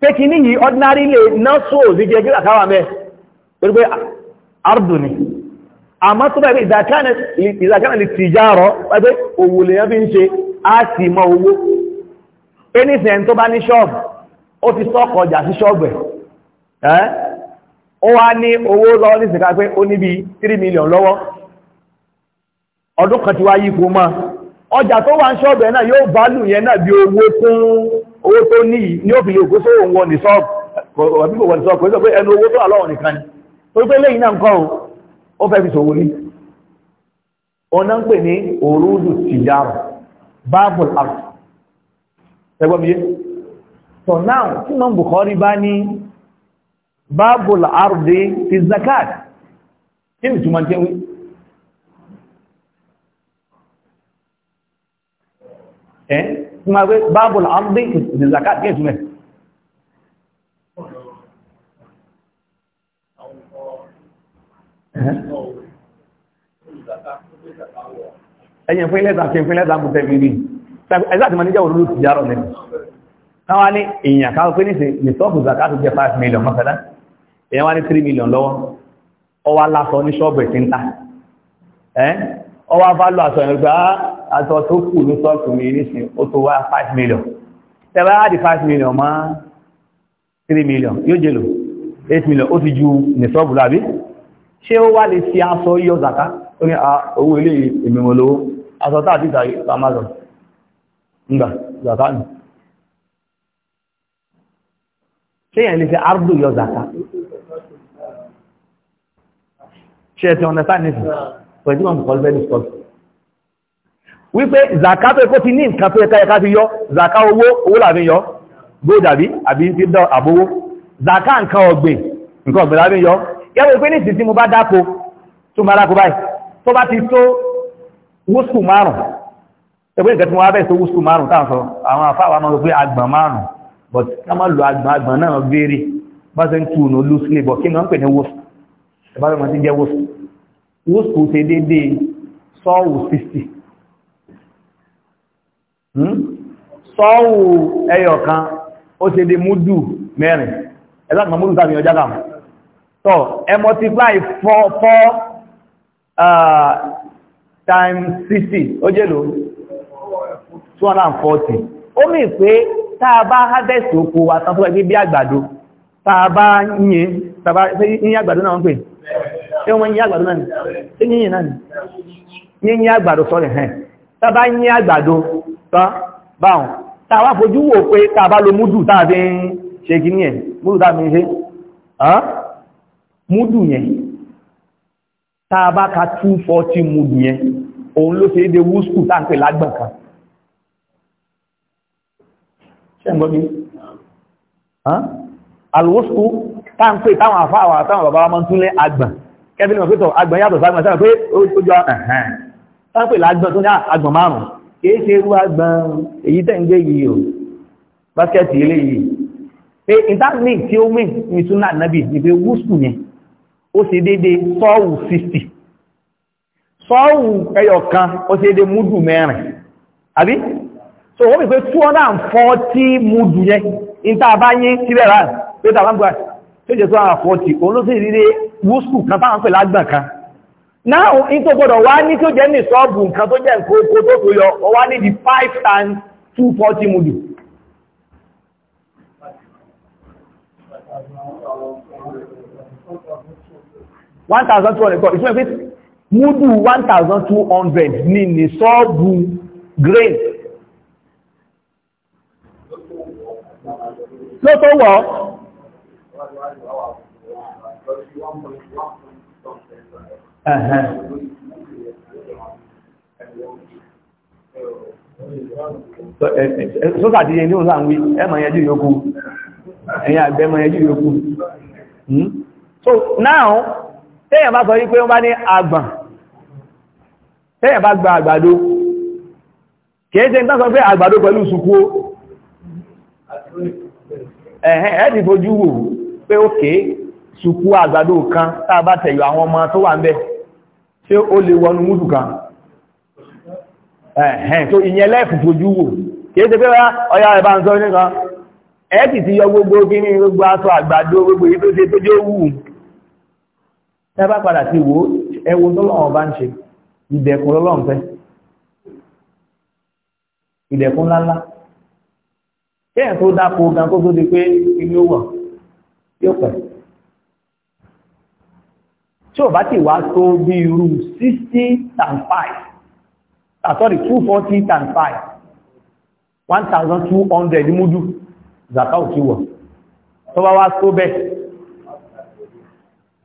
pé ní yìí ordinary lè nọ́sọ̀ òzíjẹ́ kí àkáwà mẹ́ pẹ̀lú ardu ni a má tó bẹ̀rẹ̀ ìzàkánà lè tìjárọ̀ pẹ̀lú òwò lè yán bí ń ṣe a sì mọ owó anything tó bá ní ṣọ́ọ̀bù ó ti sọ́kọ̀ ọjà sí ṣọ́ọ̀bù ẹ̀ ó wá ní owó owó tó ní ní ó fi lè kó sóhun wọn ní sọ́ọ̀pù àbí kò wọ́n ní sọ́ọ̀pù ó sọ pé ẹnu owó tó wà lọ́wọ́ nìkan ni torí pé lẹ́yìn náà ń kọ́ ó fẹ́ fi ṣòwò ní ọ̀nà ń pè ní òrùdù tìjára bible art ẹgbọ́n mi yé so now tí mọ́ Bukhari bá ní bible art dé ti zakat kí ni túnmọ̀ jẹ́ wí ẹ́ ma gbé báàbù àmúdé ìdìzàká díẹ̀ jùlẹ̀ ẹ̀yìn fún ilẹ́ta kí n fún ilẹ́ta mú fẹ́ mìírí ẹ̀sá ti ma níjẹ́ olúlú ti járọ̀ lẹ́nu káwà ní èyàn káwà pé níṣe ní sọ́ọ̀bù zaka tó jẹ́ 5 million mọ́fẹ́lá èyàn wá ní 3 million lọ́wọ́ ọwá lásọ ní ṣọ́ọ̀bù ẹ̀ ọwá fálù àṣọ ìrìnlẹ̀ àtọ́ tó kù ní sọ́ọ̀tù mi nísìn ó tó wá 5 million tẹ́bá áàdì 5 million má 3 million yóò jẹ́lò 8 million ó ti ju ní sọ́ọ̀bù lábí ṣé ó wá lè fi aṣọ yọ zaka ó ní ah, owó ilé ìmìmọ̀ lówó aṣọ tá àti ìtàrí amazon ngbà zaka nù ṣé yẹn lè fi ardu yọ zaka ṣe ti ọ̀nà sáà nìsìn pẹ̀lú ọ̀nà kọlbẹ́ ní sọ́ọ̀tù wípé zaka tó ẹkọ́ ti ní nǹkan tó ẹka ẹka fi yọ zaka owó owó làbí yọ gold àbí àbí ti dán àbówó zaka nǹkan ọ̀gbìn nǹkan ọ̀gbìn làbí yọ yẹ́wọ́ pé ní ìsìn tí mo bá dáko tó máa dáko báyìí tó bá ti tó wúsù márùn ẹgbẹ́ ìgbẹ́ tí wọ́n bẹ́ẹ̀ tó wúsù márùn táwọn sọ àwọn afáwà máa sọ pé agbọ̀n márùn but ká má lo agbọ̀n agbọ̀n náà béèrè bá ṣe ń tu ọ̀nà lóṣìlẹ̀ bọ̀ kí ni wọ́n pè ní wúsù ẹ̀bá lọ́mọ ti jẹ́ wúsù wúsù ṣe déédéé sọ́ọ̀wù 60 Hmm? sọ́wù ẹyọ kan ó ti di múdù mẹ́rin ẹ̀sàkùnmọ̀ múdù tàbí ọjá kàmù tọ́ ẹ multiply 4 4 60 ó 240 ó mì pé táa bá harvest oko wa tán tó ẹgbẹ́ bí àgbàdo táa bá yìn tàbá yìn àgbàdo náà ń pè tí wọ́n àgbàdo náà ni tán báhùn tá wá fojú wò pé tá bá lo múdù tá fi ń ṣe kí ní ẹ̀ múdù tá fi ń ṣe múdù yẹn tá bá ka 240 múdù yẹn òun ló ṣe dé wúskù tá ń pè lágbọ̀n kan ṣe ń gbọ́ mi alwúskù tá ń pè táwọn àfáà àtàwọn bàbá wa máa ń túnlẹ̀ àgbọ̀n kẹ́bí kìí ṣe irú agbọn èyí tẹ́ ń gbé yìí o báskẹ́tì ilé yìí pé ìtàní tí ó mìn ní súnà nábì ní pé wúsù yẹn ó ṣe dédé sọ́ọ̀wù 60 sọ́ọ̀wù ẹyọkan ó ṣe dédé múdù mẹ́rin àbí so wọ́n mi pé 240 múdù yẹn ìta bá yín síbẹ̀ rà pé tàbá ń gbà tó jẹ́ 240 olóṣèlú wúsù Now, in tó gbọ́dọ̀ wá ní tó jẹ́ ní sọ́ọ̀bù nǹkan tó jẹ́ nǹkan tó tó yọ, ọ wá ní di 5 times 240 mudu. one thousand two hundred kọ ìfúnni pé one thousand two hundred ní ní sọ́ọ̀bù grain ló tó wọ́ sọ́kà ti yẹn ní òun sáàwí ẹmọ̀ yẹjú yókù ẹ̀yìn àgbẹ̀ ẹmọ̀ yẹjú yókù hmm? so now tẹ́yàn bá sọ yí pé wọ́n bá ní àgbà tẹ́yàn bá gba àgbàdo kìí ṣe ń tán sọ pé àgbàdo pẹ̀lú sùkú ẹ̀hẹ́ ẹ̀dì fojú wò pé ókè sùkú àgbàdo kan tàbátẹ̀yọ àwọn ọmọ tó wà ń bẹ́ẹ̀ ṣé o lè wọnú múdù kan ẹ̀hẹ́n tó ìyẹn lẹ́ẹ̀fù fojú wò kìí ṣe pé ọya ẹ̀bá ń sọ nìkan ẹ̀ sì ti yọ gbogbo kí ní gbogbo aṣọ àgbàdo gbogbo yìí tó ṣe tó jẹ́ wù tẹ́ bá padà sí wo ẹwo tọ́lọ́wọ́n bá ń ṣe ìdẹ̀kùn lọ́lọ́run fẹ́ ìdẹ̀kùn ńláńlá kí ẹ̀ tó dáko gan kó tó di pé inú wọ̀ yóò pẹ̀lú tí ò bá ti wá tó bí irú 60 times 5 ah, sorry 240 times 5 1200 múdù zaka ò tí wọ̀ tó bá wá tó bẹ́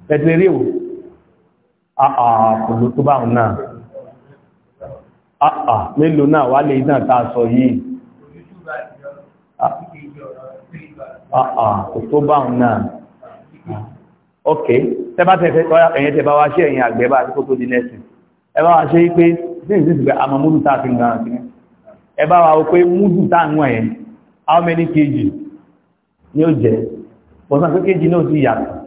pẹ̀tẹ̀rẹ̀ o àpòlò ah, ah, tó bá ń náà àà mélòó náà wà lè náà tàà sọ yìí àà kò tó bá ń náà ok tẹbá tẹ̀fẹ́ ẹ̀yẹn tẹbá wá ṣe ẹ̀yìn àgbẹ̀bá àtíkò tó di lẹ́sìn ẹbá wá ṣe pé sínsìnsìnkú àmà múdù tàà fi gbà sí ẹbá wá pé múdù tàà ń wọ̀nyẹn how many kg ni ó jẹ́ pọ̀sán pé kg náà ti yàtọ̀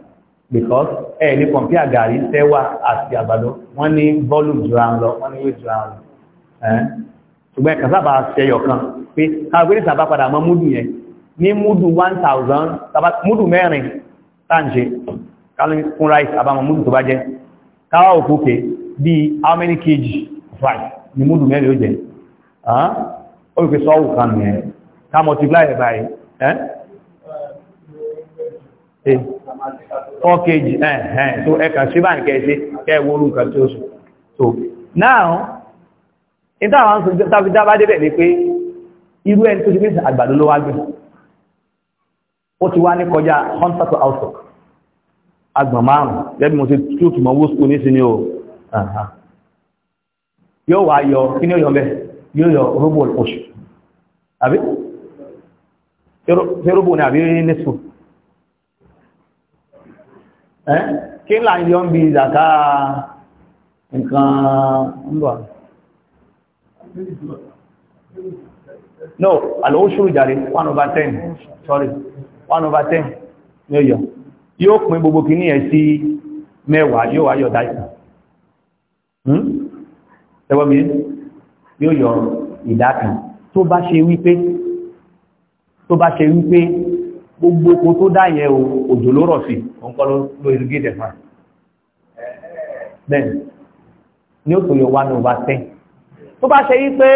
because ẹ̀ ní kọ̀mpí àgàrí tẹ́wà àti àgbàdo wọ́n ní volume jura ń lọ wọ́n ní weight jura ń lọ ṣùgbọ́n ẹ̀kà sábà ṣẹyọ̀ kan pé káàgbé sábà padà mọ́ múdù yẹn ní múdù 1000 múdù mẹ́rin tàǹṣe kálí fún rice àbámọ̀ múdù tó bá jẹ́ káwà òkúkè bí how many kg of rice ni múdù mẹ́rin ó jẹ́ ó rí pé sọ́wọ́ kan nìyẹn ká multiply by ẹ́ 4 kg ẹ̀hẹ́n tó ẹ̀kà ṣíbà ní kẹ́ẹ̀ṣe kẹ́ẹ̀wọ́rú nǹkan tí ó sùn so now in táwọn sọ tàbí dábá débẹ̀ ni pé irú ẹni tó ti fi àgbàdo ló wá gbé ó ti wá ní kọjá hunter to outlook agbọ̀n márùn-ún gẹ́bí mo ṣe tí ó túnmọ̀ owó school ní sí ni o yóò wá yọ kí ní ó yọ mẹ́ yóò yọ rúbù oṣù àbí ṣe rúbù ní àbí nísù kí là ń yọ ń bi ìzàká nǹkan ń no alówó ṣúrù jàre 1 over 10 sorry 1 over 10 ní ó yóò pín gbogbo kìíní ẹ̀ sí mẹ́wàá yóò wáyọ̀ dáìsà hmm? ẹwọ́mí yóò yọ ìdá kan tó bá ṣe wípé tó bá ṣe wípé gbogbo oko tó dáyẹ òjò ló rọ̀ sí ọ̀nkọ́ ló irrigate ẹ̀fà bẹ́ẹ̀ ni ó tó yọ wá ní ọba tẹ́ tó bá ṣe wípé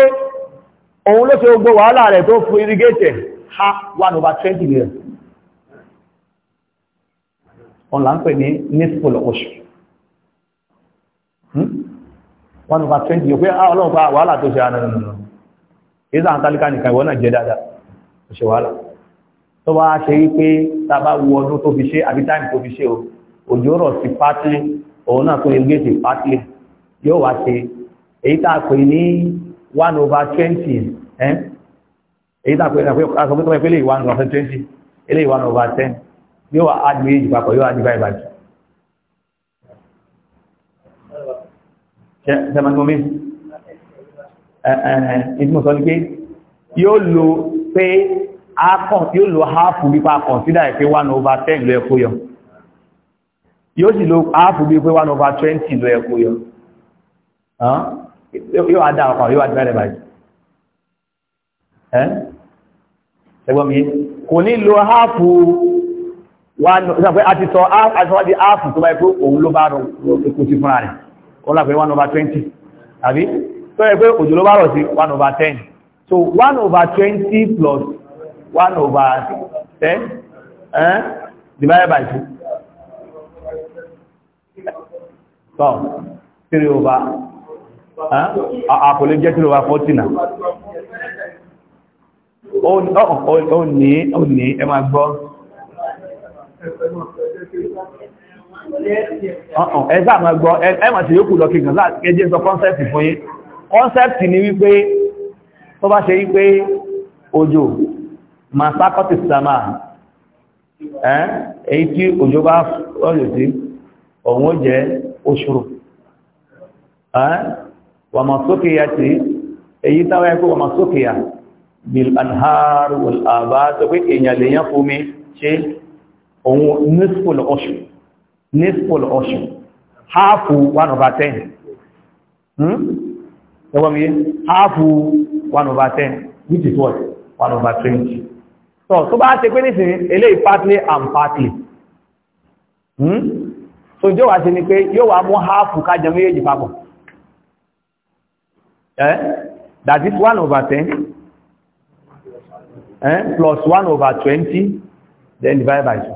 òun ló ṣe gbogbo wàhálà rẹ̀ tó fún irrigate ha wá ní ọba 20 million òun là ń pè ní nisful oṣù hmm? one over twenty yóò pé ah, ọlọ́run pa wàhálà tó ṣe àná nínú èyí sàn tálíkà nìkan ìwọ náà jẹ dáadáa kò ṣe wàhálà tó bá ṣe yí pé tá a bá wo ọdún tó fi ṣe àbí táìmù tó fi ṣe o òjò rọ̀ sí pátí òun náà tó irrigate pátí yóò wá ṣe èyí tá a pè ní one over twenty èyí tá a pè ní àpò àkọ́kọ́ tó bá one over twenty eléyìí one over ten yóò wá add méjì papọ̀ yóò wá divide by two. ṣe ṣe máa ń gbọ́n mi ìtumọ̀ sọ ní pé yóò lo pé akọ̀n yóò lo half nípa consider ẹ̀ pé one over ten ló yẹ kó yọ yóò sì lo half bí pé one over twenty ló yẹ kó yọ yóò adá ọkọ̀ yóò adá rẹ̀ báyìí ẹ́ ṣẹgbọ́n mi kò ní lo half wọ́n àti sọ àti áàfù tó bá ikú òun ló bá rọ ikú sí fúnra rẹ̀ wọ́n lápẹ́ 1 over 20 àbí tó yẹ pé òjò ló bá rọ̀ sí 1 over 10 so 1 over 20 plus 1 over 10 eh? divided by 2 so 3 over àpòlé eh, jẹ́ 3 over 40 náà ó ní ó ní ẹ máa gbọ́ Uh-uh. ẹ̀sà àmà gbọ́ ẹ̀mà tí yóò kù lọ kí gànlá ẹjẹ́ sọ kọ́nsẹ́pì fún yí kọ́nsẹ́pì ni wípé tó bá ṣe wípé òjò ma sákọ́tì sàmà èyí tí òjò bá rọ̀lù sí òun ó jẹ́ oṣùrù wà mà sókè ya tí èyí táwọn ẹkọ́ wà mà sókè ya bil anhar wal abad tó pé èèyàn lèyàn fún mi ṣe òun nísìpòlù ọ̀ṣù nísìpòlù ọ̀ṣù háàfù one over ten. 10 hmm? ẹgbọ́n mi háàfù one over ten. which is what One over twenty. so tó bá ṣe pé nísìn eléyìí partly and partly Hmm? so jẹ́ wà sí ni pé yóò wà mú háàfù kájọ méjèèjì papọ̀ eh that is one over ten. eh plus one over twenty. then divide by two.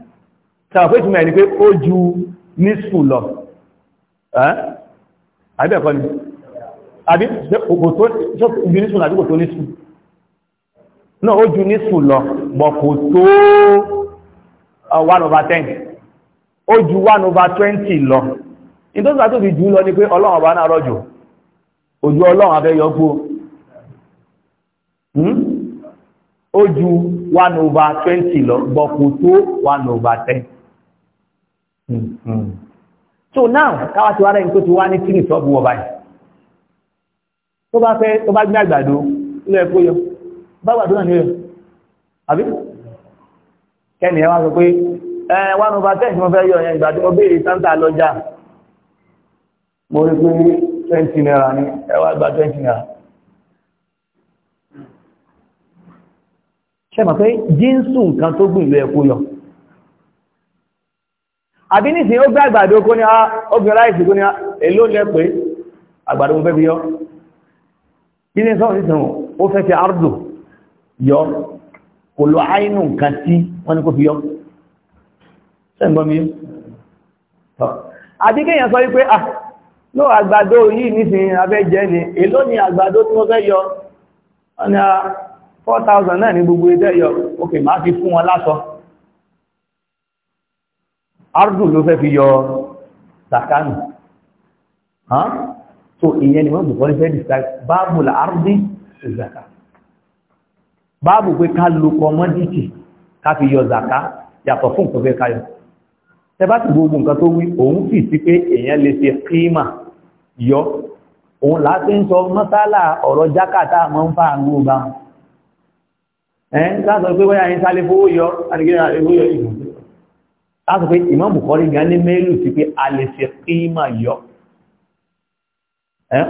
sàwọn pé ìtumọ̀ ẹni pé ó ju nísù lọ àbí ẹ̀kọ́ ni àbí ibi nísù lọ àbí kò tó nísù náà ó ju nísù lọ bọ̀ kò tó 1 uh, over 10 ó ju 1 over 20 lọ ìtọ́sà tó fi jù lọ ni pé ọlọ́run ọba náà rọ̀jò ojú ọlọ́run abẹ́ yọgbó hmm? ó ju 1 over 20 lọ bọ̀ kò tó 1 over 10 Hmm, hmm. so now káwá ti wá rẹ̀ tó ti wá ní tírì sọ́ọ̀bù wọ̀ báyìí tó bá fẹ́ tó bá gbé àgbàdo ilé ẹ̀kọ́ yọ bá gbàdo náà ní àbí kẹ́ni ẹ wá sọ pé ẹ wọn bá tẹ́ǹtì mo fẹ́ yọ yẹn ìgbà tí mo sáńtà lọ́jà mo rí pé twenty ni ẹ wá gba twenty àbí nìsìn ó gbá àgbàdo kó ní obìnrin ah, láìsì kó ní ah, èlò lẹ́pẹ́ àgbàdo mo fẹ́ bí yọ́ kí ní sọ́rọ̀ sísìn ó fẹ́ fi àrùdù yọ kò lọ àínú nǹkan tí wọ́n ní kó fi yọ sẹ́ǹgbọ́mí àbí kéèyàn sọ wípé ah ló àgbàdo yìí nìsìn abẹ́ jẹ́ ni èlò ni àgbàdo tí mo fẹ́ yọ wọ́n ní 4,000 ah, náà ní gbogbo ẹgbẹ́ yọ ok máa fi fún wọn lásọ ardu ló fẹ́ fi yọ sàkánù so ìyẹn ni wọ́n bùkọ́ ní fẹ́ describe báàbù la ardi zaka báàbù pé ká lo commodity ká fi yọ zaka yàtọ̀ fún nǹkan fẹ́ káyọ tẹ́bá ti gbogbo nǹkan tó wí òun sì sí pé èèyàn lè ṣe kíma yọ òun láti ń sọ mọ́sálà ọ̀rọ̀ jákàtà mọ́ ń fa àwọn ọba ẹ̀ ń sá sọ pé wọ́n yà ń sálé fowó yọ àdìgẹ́ ìwé yọ a pé Imam Bukhari gan ní mẹ́lù sí pé a lè fi kíma yọ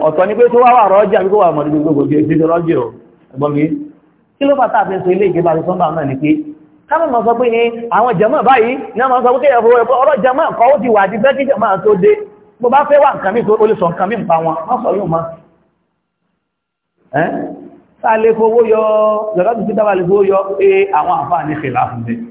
ọ̀tọ̀ ni pé tó wá wà rọ́jà bí kò wà mọ̀ nígbà gbogbo ṣe ṣe rọ́jì o ẹgbọ́n mi kí ló fàtà àfihàn sọ ilé ìjọba àti sọ́mbà náà ni pé káwọn mọ̀ sọ pé ní àwọn jàmáà báyìí ní àwọn sọ pé kéèyàn fowó ẹ̀kọ́ ọ̀rọ̀ jàmáà kọ́ ó ti wà ti fẹ́ kí jàmáà tó dé bó yọ lọ́dọ̀ tó ti dábàá lè fowó yọ pé àwọn àǹfààní ṣe láàfin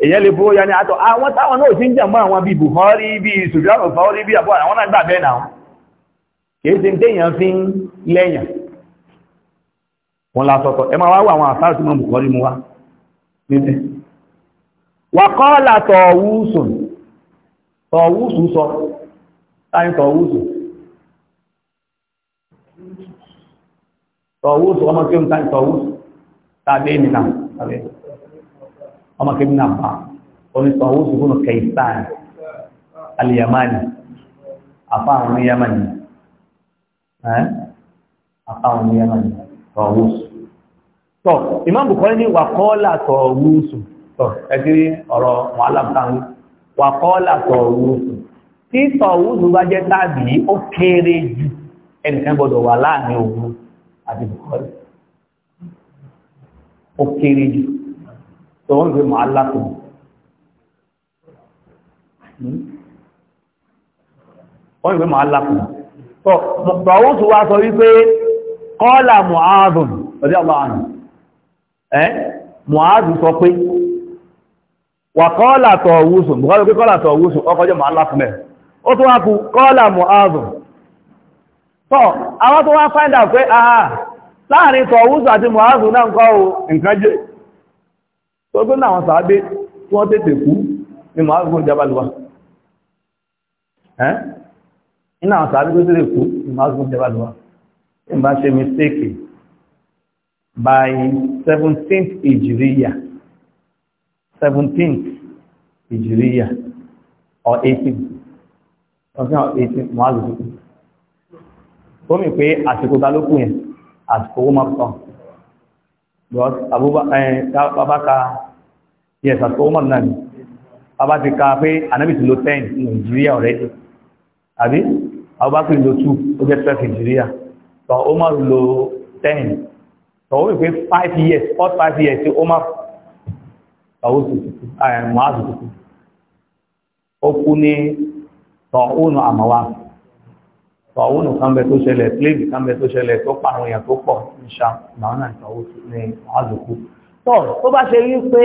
èyàn lè bóyá ní àtọ̀ àwọn táwọn náà ti ń jẹ̀mọ́ àwọn bí Buhari bí Sufyan al-Thawri bí àbọ̀ àwọn náà gbà bẹ́ẹ̀ náà kìí sí téèyàn fi ń lẹ́yìn wọn lásọ̀tọ̀ ẹ máa wá wà àwọn àfáà tí mọ́ Buhari mú wá níbẹ̀ wà kọ́ látọ̀ wúsùn tọ̀wúsùn sọ táyín tàbí ènìyàn tàbí ènìyàn ọmọ kẹbí náà bá onísọ owó sùgbọ́n kẹsàn alìyàmánì afá àwọn oníyàmánì afá àwọn oníyàmánì tọ̀wọ́sù tọ̀ Imam Bukhari ní wàkọ́ọ́lá tọ̀wọ́sù tọ̀ ẹgbẹ́ ọ̀rọ̀ wọn alábùtàwọn wàkọ́ọ́lá tọ̀wọ́sù tí tọ̀wọ́sù bá jẹ́ tàbí ó kéré jù ẹnìkan gbọ́dọ̀ wà láàrin òun àti Bukhari ó kéré jù tó wọ́n fi mọ̀ alákò wọ́n fi mọ̀ alákò tó bọ̀wọ́ tó wá sọ wípé kọ́lá mọ̀ádùn ọdí aláàrùn ẹ́ mọ̀ádùn sọ pé wà kọ́lá tọ̀wúsùn bọ̀kọ́lá pé kọ́lá tọ̀wúsùn ọkọ̀ jẹ́ mọ̀ alákò mẹ́ ó find out tó gbé náà wọn sàábé tí wọ́n tètè kú ní Mu'adh bin Jabal wà iná àwọn sàábé tó tètè kú ní Mu'adh bin Jabal wà tí n ṣe mistake by 17th Hijriya 17th Hijriya or 18th ọ̀sán 18th Mu'adh bin Jabal tó mi pé àsìkò ta ló kù yẹn àsìkò ó máa tán bàbá eh, ka yes àti Umar náà ni bàbá ti ka pé anabi ti lo ten nàìjíríà already àbí Abubakar lo two ó jẹ́ twelve nàìjíríà tọ́ Umar lo ten tọ́ ó wí pé five years four five years ti Umar tọ́wọ́ tuntun mọ́àzù tuntun ó kú ní tọ́ọ̀nù àmọ́wá tọ́ọ̀nù kánbẹ tó ṣẹlẹ̀ pléèbì kánbẹ tó ṣẹlẹ̀ tó pàrọ̀ èèyàn tó pọ̀ níṣà náà tọ́wọ́ ní mọ́àzù kú tọ́ tó bá ṣe rí pé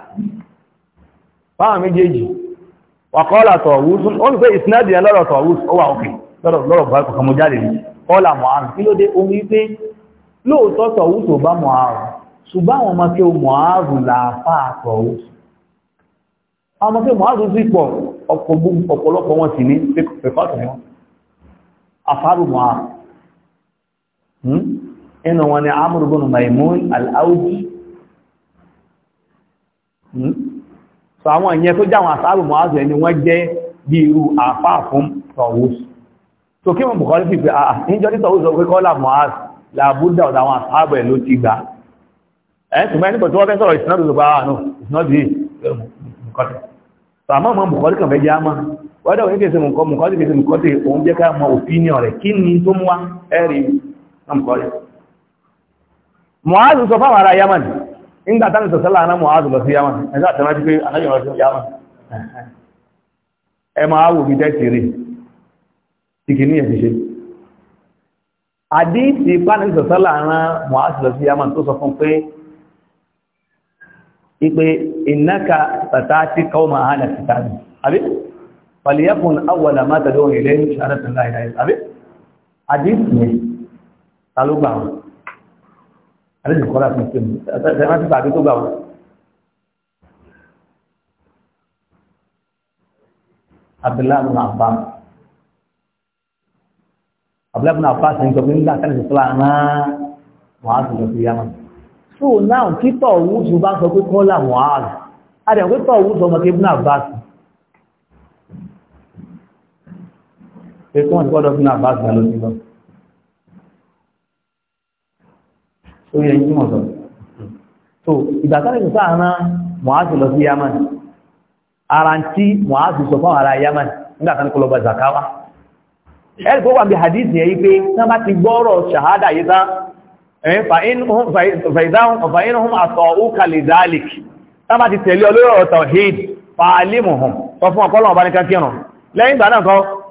fáwọn méjèèjì wàkọ́ọ́lá tọ̀wúsùn ó ń pé ìsinádìí lọ́rọ̀ tọ̀wúsùn ó wà òkè lọ́rọ̀ bá kọ̀kan mọ́ jáde ní kọ́ọ́lá mọ̀hárùn kí ló dé omi pé lóòótọ́ tọ̀wúsùn bá mọ̀hárùn ṣùgbọ́n àwọn ọmọ kí o mọ̀hárùn làáfà tọ̀wúsùn àwọn ọmọ kí mọ̀hárùn sí pọ̀ ọ̀pọ̀lọpọ̀ wọn sì ní pẹ̀kọ́tù ni wọn afárù mọ̀hárùn hmm? inú wọn ni amúrúgbónú maimun al-audi hmm? so àwọn ìyẹn tó jáwọn àsáàbù mọ́ázù ẹni wọ́n jẹ́ bí irú àfáà fún tọ̀wọ́s so kí wọ́n bùkọ́ sí pé àà ah, ah, níjọ́ tí tọ̀wọ́s sọ pé kọ́lá mọ́ázù làbúdà ọ̀dà àwọn àsáàbù ẹ̀ ló ti gbà ẹ̀ ṣùgbọ́n ẹni pẹ̀tọ́ fẹ́ sọ̀rọ̀ ìsinádù tó bá wà ah, nù ìsinádù yìí mùkọ́tì so àmọ́ mọ́ bùkọ́ kàn fẹ́ nígbà tánà sọ̀sọ́lá aná Mu'adh lọ sí Yaman ẹ̀sá àtàrà ti pé anáyọ̀ lọ sí Yaman ẹ máa wò bí tẹ́tì rí tí kì ní ẹ̀ ti ṣe àdíìsì pánà sọ̀sọ́lá aná Mu'adh lọ sí Yaman tó sọ fún pé ipe ìnáka tàtàtì kọ́ọ̀mà àhàlà kìtàbì àbí fàlìyàkùn awwala àlejò kọ́lá fún ìpè mi ẹ má ti pàdé tó gbà wọ́n. abdullahi ibn abbas abdullahi ibn abbas ní sọ pé nígbà tẹ́lẹ̀ tó fúlà náà wọ́n á sì lọ sí yamá. so now títọ̀ wúṣù bá sọ pé kọ́lá wọ́n á rẹ̀ adẹ̀ pé tọ̀ wúṣù ọmọ kébùn abbas. pé kí wọ́n ti gbọ́dọ̀ fún abbas náà lọ sí lọ. lórí ẹni tí wọ́n sọ. so ìgbà tó lẹ́yìn sáà rán Mu'adh lọ sí Yaman ara tí Mu'adh sọ fún ara Yaman nígbà tó ní kó lọ gba zakawa ẹ̀rì tó wà bí hadith yẹn yí pé tán bá ti gbọ́rọ̀ ṣàhádà yìí tán fàìdáhùn àtọ̀ọ́ kalẹ̀ dalek tán bá ti tẹ̀lé ọlọ́rọ̀ tọ̀híd fàálìmù hàn sọ fún ọpọlọ́wọ́ bá ní kankan lẹ́yìn ìgbà náà kan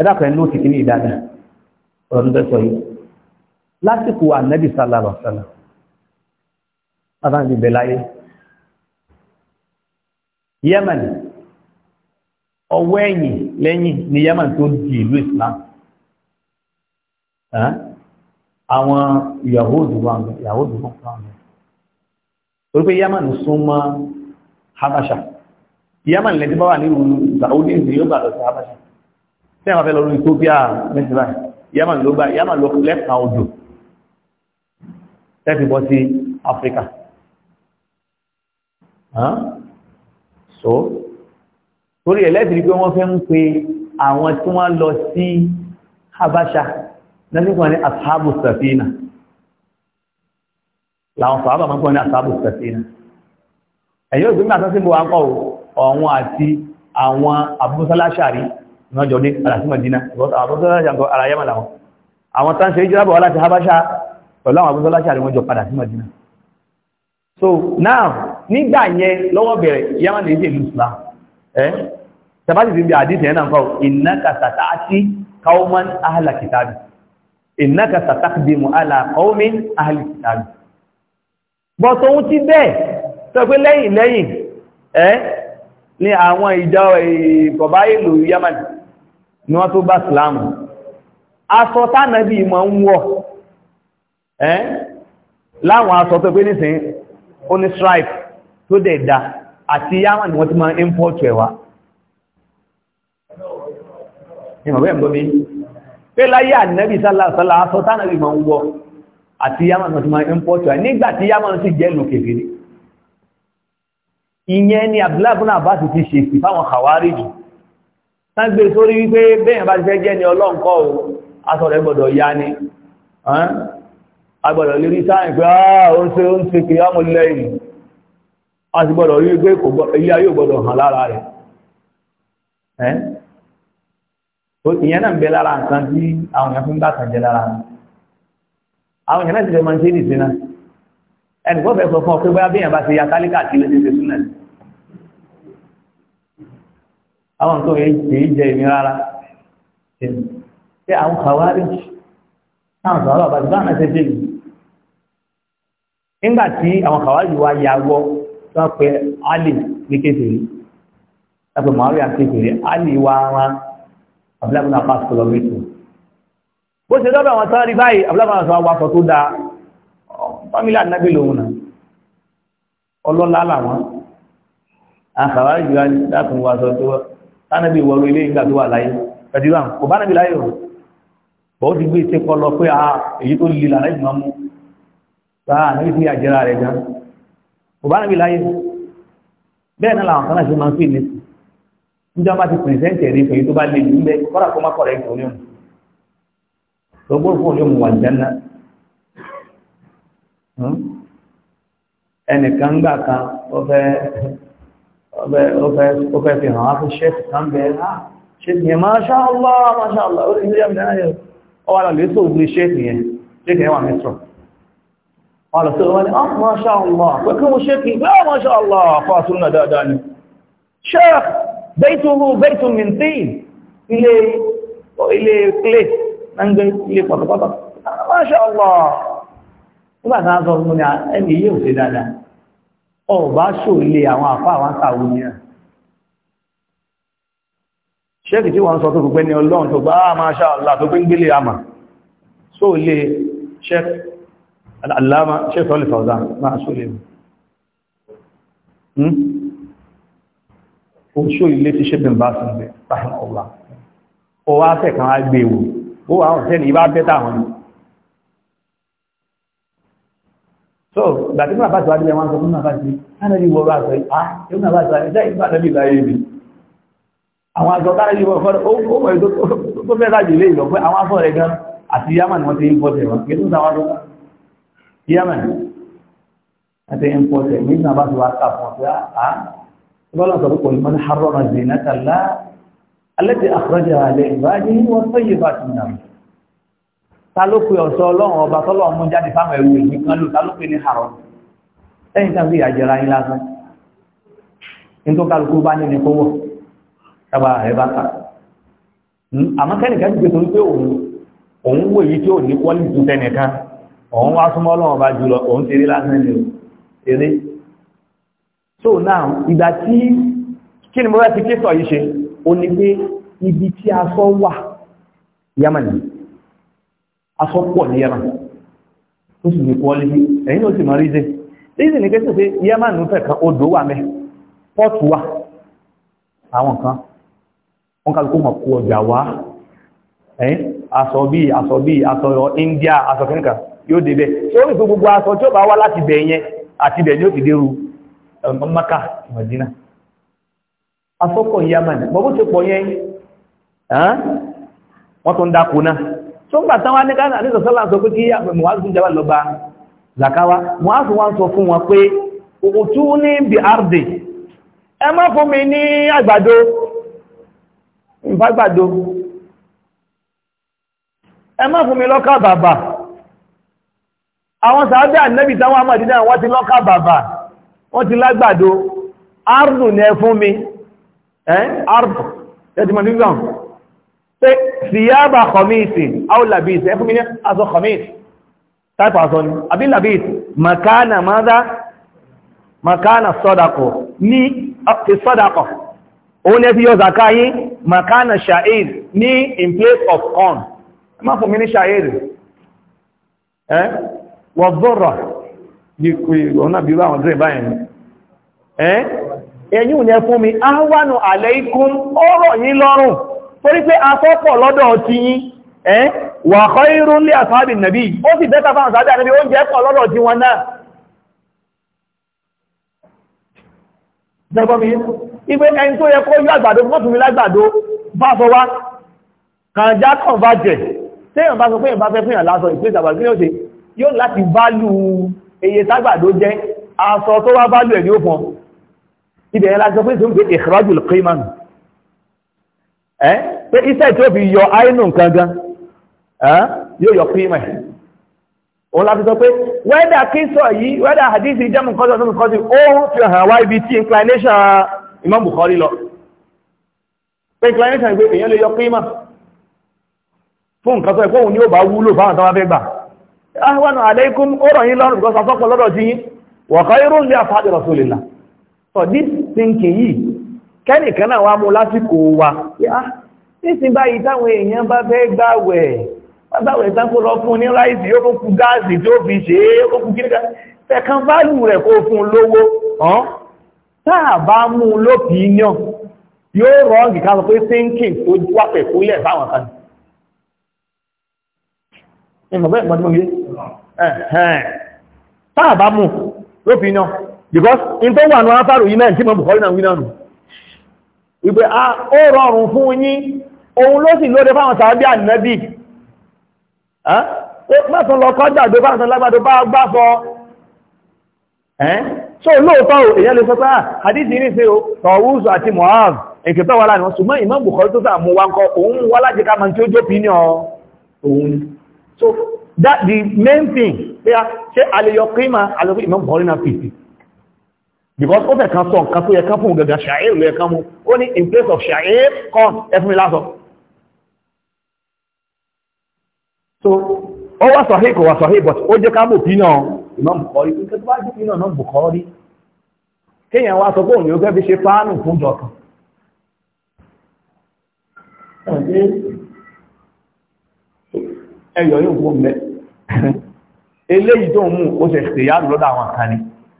ẹ̀dàkọ̀ ẹ̀ lóòtì kìíní ìdáadáa ọ̀rọ̀ ní bẹ́sọ̀ yìí lásìkò ànẹ́bì sálàrọ̀ sálà látàbí bẹ̀láyé Yemen ọwọ́ ẹ̀yìn lẹ́yìn ni Yemen tó di ìlú Islam àwọn Yahudu wọn Yahudu wọn kọ́ àwọn torí pé Yemen súnmọ́ Habasha Yemen lẹ́tí bá wà ní ìlú Saudi ìsìn yóò gbà lọ sí Habasha tẹ́ ma fẹ́ lọ Ethiopia mẹ́sìlá yàmà ló gbá yàmà ló lẹ́pàá odò tẹ́fì bọ́ sí Africa so torí ẹ̀lẹ́tìrí pé wọ́n fẹ́ ń pe àwọn tí wọ́n lọ sí Habasha lẹ́sìnkọ́ ní ashabu safina làwọn sọ̀rọ̀ àbàmọ́ pọ̀ ní ashabu safina ẹ̀yọ́ ìgbìmọ̀ àtọ́sí bó wá ń kọ́ ọ̀wọ́n àti àwọn abúsálásàrí wọ́n jọ dé padà sí Mọ̀dínà ara yẹ́mà làwọn àwọn tán ṣe ìjọba wọ́n láti Habasha pẹ̀lú àwọn abúlé láti àríwọ́n jọ padà sí Mọ̀dínà so now nígbà yẹn lọ́wọ́ bẹ̀rẹ̀ yẹ́mà lè dé ìlú Islam ẹ́ tàbátì ti bí àdìsẹ̀ yẹn náà kọ́ innaka sata'ti qauman ahla kitab innaka sataqdimu kitab bọ́ tóun ti bẹ́ẹ̀ sọ pé lẹ́yìn ni àwọn ìjọ ìkọ̀bá ìlú Yamani ní wọ́n tó bá sìláàmù aṣọ tánàbí ìmọ̀ ń wọ̀ ẹ́ láwọn aṣọ tó pé nísìn ó ní stripe tó dẹ̀ dá àti yáwọn ni wọ́n ti máa import ẹ̀wà ìmọ̀wé ẹ̀mọ́bí pé láyé ànẹ́bì sálàsálà aṣọ tánàbí ìmọ̀ ń wọ̀ ni wọ́n ti máa ìyẹn ni abdullahi bá ti ti ṣèsì fáwọn kàwárí jù tágbé sórí wípé bẹ́yàn bá ti fẹ́ jẹ́ ni ọlọ́nkọ́ o aṣọ rẹ̀ gbọ́dọ̀ ya ni agbọ́dọ̀ lè rí sáàyìn pé àà ah, ó ń ṣe ó ń ṣe kìí ámú lẹ́yìn a ti gbọ́dọ̀ rí pé ilé ayé gbọ́dọ̀ hàn lára rẹ̀ ìyẹn náà ń bẹ lára nǹkan tí àwọn èèyàn fi ń bá kàn jẹ lára àwọn èèyàn náà ti fẹ́ máa ń ṣe nìsinà ẹnìkan sọ fún ọ pé bóyá bẹ́yàn bá ti ya tálíkà sí ilé ṣe súnà sí àwọn nǹkan èyí jẹ èmi rárá ṣe àwọn kàwárí táwọn sọ̀rọ̀ bàbá bá náà ṣe ṣe yìí nígbà tí àwọn kàwárí wa ya wọ tó pe Ali ní kékeré tó pe Muawiya kékeré Ali wa wa abúlábùnà pass kìlómítì bó ṣe lọ́dọ̀ àwọn sọ́ọ́rí báyìí abúlábùnà sọ wa sọ tó dáa fámílì ànábì lòun náà ọlọ́lá làwọn àkàwárí wa dákùn wa sọ tó wọ́n tánàbí wọ̀rọ̀ ilé ìgbà tó wà láyé pẹ̀dìrán kò bá nàbí láyé rọ̀ bọ́ ti gbé ìṣẹ́ kọ́ lọ pé a ah, èyí tó lè lára ìgbà mú sáà níbi tí àjẹrà rẹ̀ já kò bá nàbí láyé bẹ́ẹ̀ náà làwọn kanáà ṣe máa ń pè ní níjọ́ bá ti pìrìsẹ́ǹtì ẹ̀rí pẹ̀lú tó bá lè jù lẹ́ kọ́ra kó má hmm? gbà kan ó fẹ́ وكيف هذا الشيخ كان بيها شيخ ما شاء الله ما شاء الله ورجع من هنا او على اللي يسوق لي شيخ هي شيخ هو مصر قال سلمان اه ما شاء الله وكم الشيخ لا ما شاء الله فاصلنا داداني شيخ بيته بيت من طين الى الى كليت نجي الى فطفطه ما شاء الله وما هذا من ان يوصي داداني ọ̀bá ṣò ilé àwọn àfá àwọn àtàwọn ní à ṣẹ́kì tí wọ́n sọ tó gbogbo ní ọlọ́run tó gbá ah, Masha Allah tó gbín gbílé àmà só ilé ṣẹ́k aláàmà ṣẹ́kì ọlẹ̀ fàúzá máa ṣò ilé o ṣò ilé ti ṣẹ́bìn bá sùn bẹ̀ so gbàtí fún àbáṣọ adílẹ̀ wọn sọ fún àbáṣọ ánàbí wọ ah ẹ̀hún àbáṣọ ẹ̀ṣẹ́ ìgbà àbábí láyé mi àwọn àjọ kára yìí wọ́n fọ́rọ̀ ó mọ̀ ètò tó fẹ́ rájì ilé ìlọ pé àwọn afọ́ rẹ̀ gan àti yamani wọ́n ti ń pọ̀tẹ̀ wọn kí ló ń sáwọn ah bọ́lá ah. sọ pé man harrama zinata Allah allati akhrajaha li ibadihi wa tayyibati min ta ló pe ọ̀sọ́ ọlọ́run ọba tọ́lọ́run mú jáde fáwọn ẹ̀rù èyí kan ló ta ló pe ní haram lẹ́yìn tàbí ìyàjẹra yín lásán ní tó kálukú bá ní ní kó wọ̀ tábà rẹ̀ bá kà hmm? àmọ́ kẹ́nìkan ti gbé torí òun òun wò yí tí ò ní wọ́n ju tẹnìkan òun wá súnmọ́ ọlọ́run ọba jùlọ òun ti rí lásán ni o eré so now ìgbà tí kí ni mo fẹ́ ti kí sọ yìí ṣe o ní pé ibi tí a sọ wà yamani asọ́pọ̀ ní Yemen tó sì ní kọ́ọ́lì bí ẹ̀yìn ló sì mọ̀ ríze ríze ní kẹ́sì pé Yemen ń fẹ̀kan odò wà mẹ́ pọ́ọ̀tù wà àwọn kan wọ́n kálukú mọ̀ kú ọjà wá ẹ̀yìn aṣọ bí aṣọ bí aṣọ India aṣọ kẹ́nìkan yóò débẹ̀ tí ó rí fún gbogbo aṣọ tí ó bá wá láti bẹ̀ yẹn àti bẹ̀ ni ó fi um, wọ́n tó dákú náà tó ń gbà tán wá ní káàkiri àti ìsọ̀sọ́lá sọ pé zakawa fún wọn pé òtú ní bí ardi ẹ má fún mi ní àgbàdo ìbágbàdo ẹ má fún mi lọ́kà bàbà àwọn sàábẹ́ ànẹ́bì táwọn àmàdínà wọ́n ti lọ́kà ti ardu pé síyába kọmíìsì áwọ́ labíìsì ẹ fún mi ní aṣọ kọmíìsì táìpù aṣọ ni àbí labíìsì makana mada makana sọ́dakọ̀ ní ah, ti sọ́dakọ̀ òun ẹ fi yọ zaka yí makana sha'ir ní in place of corn ẹ má fún mi ní sha'ir ẹ wọ́n bọ́rọ̀ ẹ̀yìn ò ní ẹ fún mi áwánù àlẹ́ ikún ọ̀rọ̀ yìí lọ́rùn torí pé afọ́pọ̀ lọ́dọ̀ ti yín ẹ́ wà kọ́ irú lé àtàbí nàbí ó sì bẹ́ta fáwọn sàájá níbi oúnjẹ pọ̀ lọ́dọ̀ tí wọn náà jẹ́gbọ́mí ipé ẹni tó yẹ kó yọ àgbàdo mọ́túnmí lágbàdo bá sọ wá kànjá kàn bá jẹ̀ téèyàn bá sọ pé ìbá fẹ́ fìyàn lásọ ìpé ìjàgbà kí ní ó ṣe yóò láti bálù eye tágbàdo ẹ́ pé iṣẹ́ tí ó fi yọ àínú nǹkan gan yóò yọ kí mẹ́ òun láti sọ pé wẹ́dà kí sọ yìí wẹ́dà àdísì jẹ́mù kọ́sọ̀ tó kọ́sí fi hàn wá ibi tí inclination Imam Bukhari lọ pé inclination ìgbé èèyàn lè yọ kí mọ́ fún nǹkan sọ ìpóhun ni ó bá wúlò fáwọn tó wá fẹ́ gbà ahwanu alaykum ó rọ̀ yín lọ́rùn because afọ́pọ̀ lọ́dọ̀ sí yín wa khairun li ashabi rasulillah so this thinking yìí kẹ́nìkan náà wá mú lásìkò wa ah, nísìn báyìí táwọn èèyàn bá fẹ́ gbàwẹ̀ gbàwẹ̀ tán kó lọ fún ní ráìsì ó kún kú gáàsì tí ó fi ṣe é ó kún kíríkà fẹ́kan válù rẹ̀ kó fún lówó ọ́n táà bá mú lópinion yóò rọ́ǹgì ká sọ pé thinking because in tó wà ní wọ́n fàrò yìí ìgbé a ah, ó rọrùn fún yín ohun ló sì lóde fáwọn tàbí ànẹ́bì mẹ́sàn lọ kọjá àgbé fáwọn lágbàdo bá gbá sọ ẹ́n so lóòtọ́ èyàn lè sọ àdíjì ní sí tọ̀wúsù àti mohab ìkẹtọ́ wà láàrin ṣùgbọ́n Imam Bukhari so that the main thing yeah, say ṣe àlèyọ kíma àlèkú Imam Bukhari náà fìsì because ó fẹ́ kan sọ nǹkan tó yẹ kán fún gẹ̀gẹ̀ ṣàír ló yẹ kán mú ó ní in place of ṣàír kan ẹfún ìlàsọ so ó wá sọ̀hí kò wá sọ̀hí but ó jẹ́ ká mú pínà Imam Bukhari nǹkan tó bá jù pínà náà Bukhari kéèyàn wá sọ bóun ni ó fẹ́ fi ṣe fáánù fún jọkàn ẹyọ yóò fún mẹ eléyìí tó ń mú ó ṣe ṣèyá lọ́dọ̀ àwọn àkànni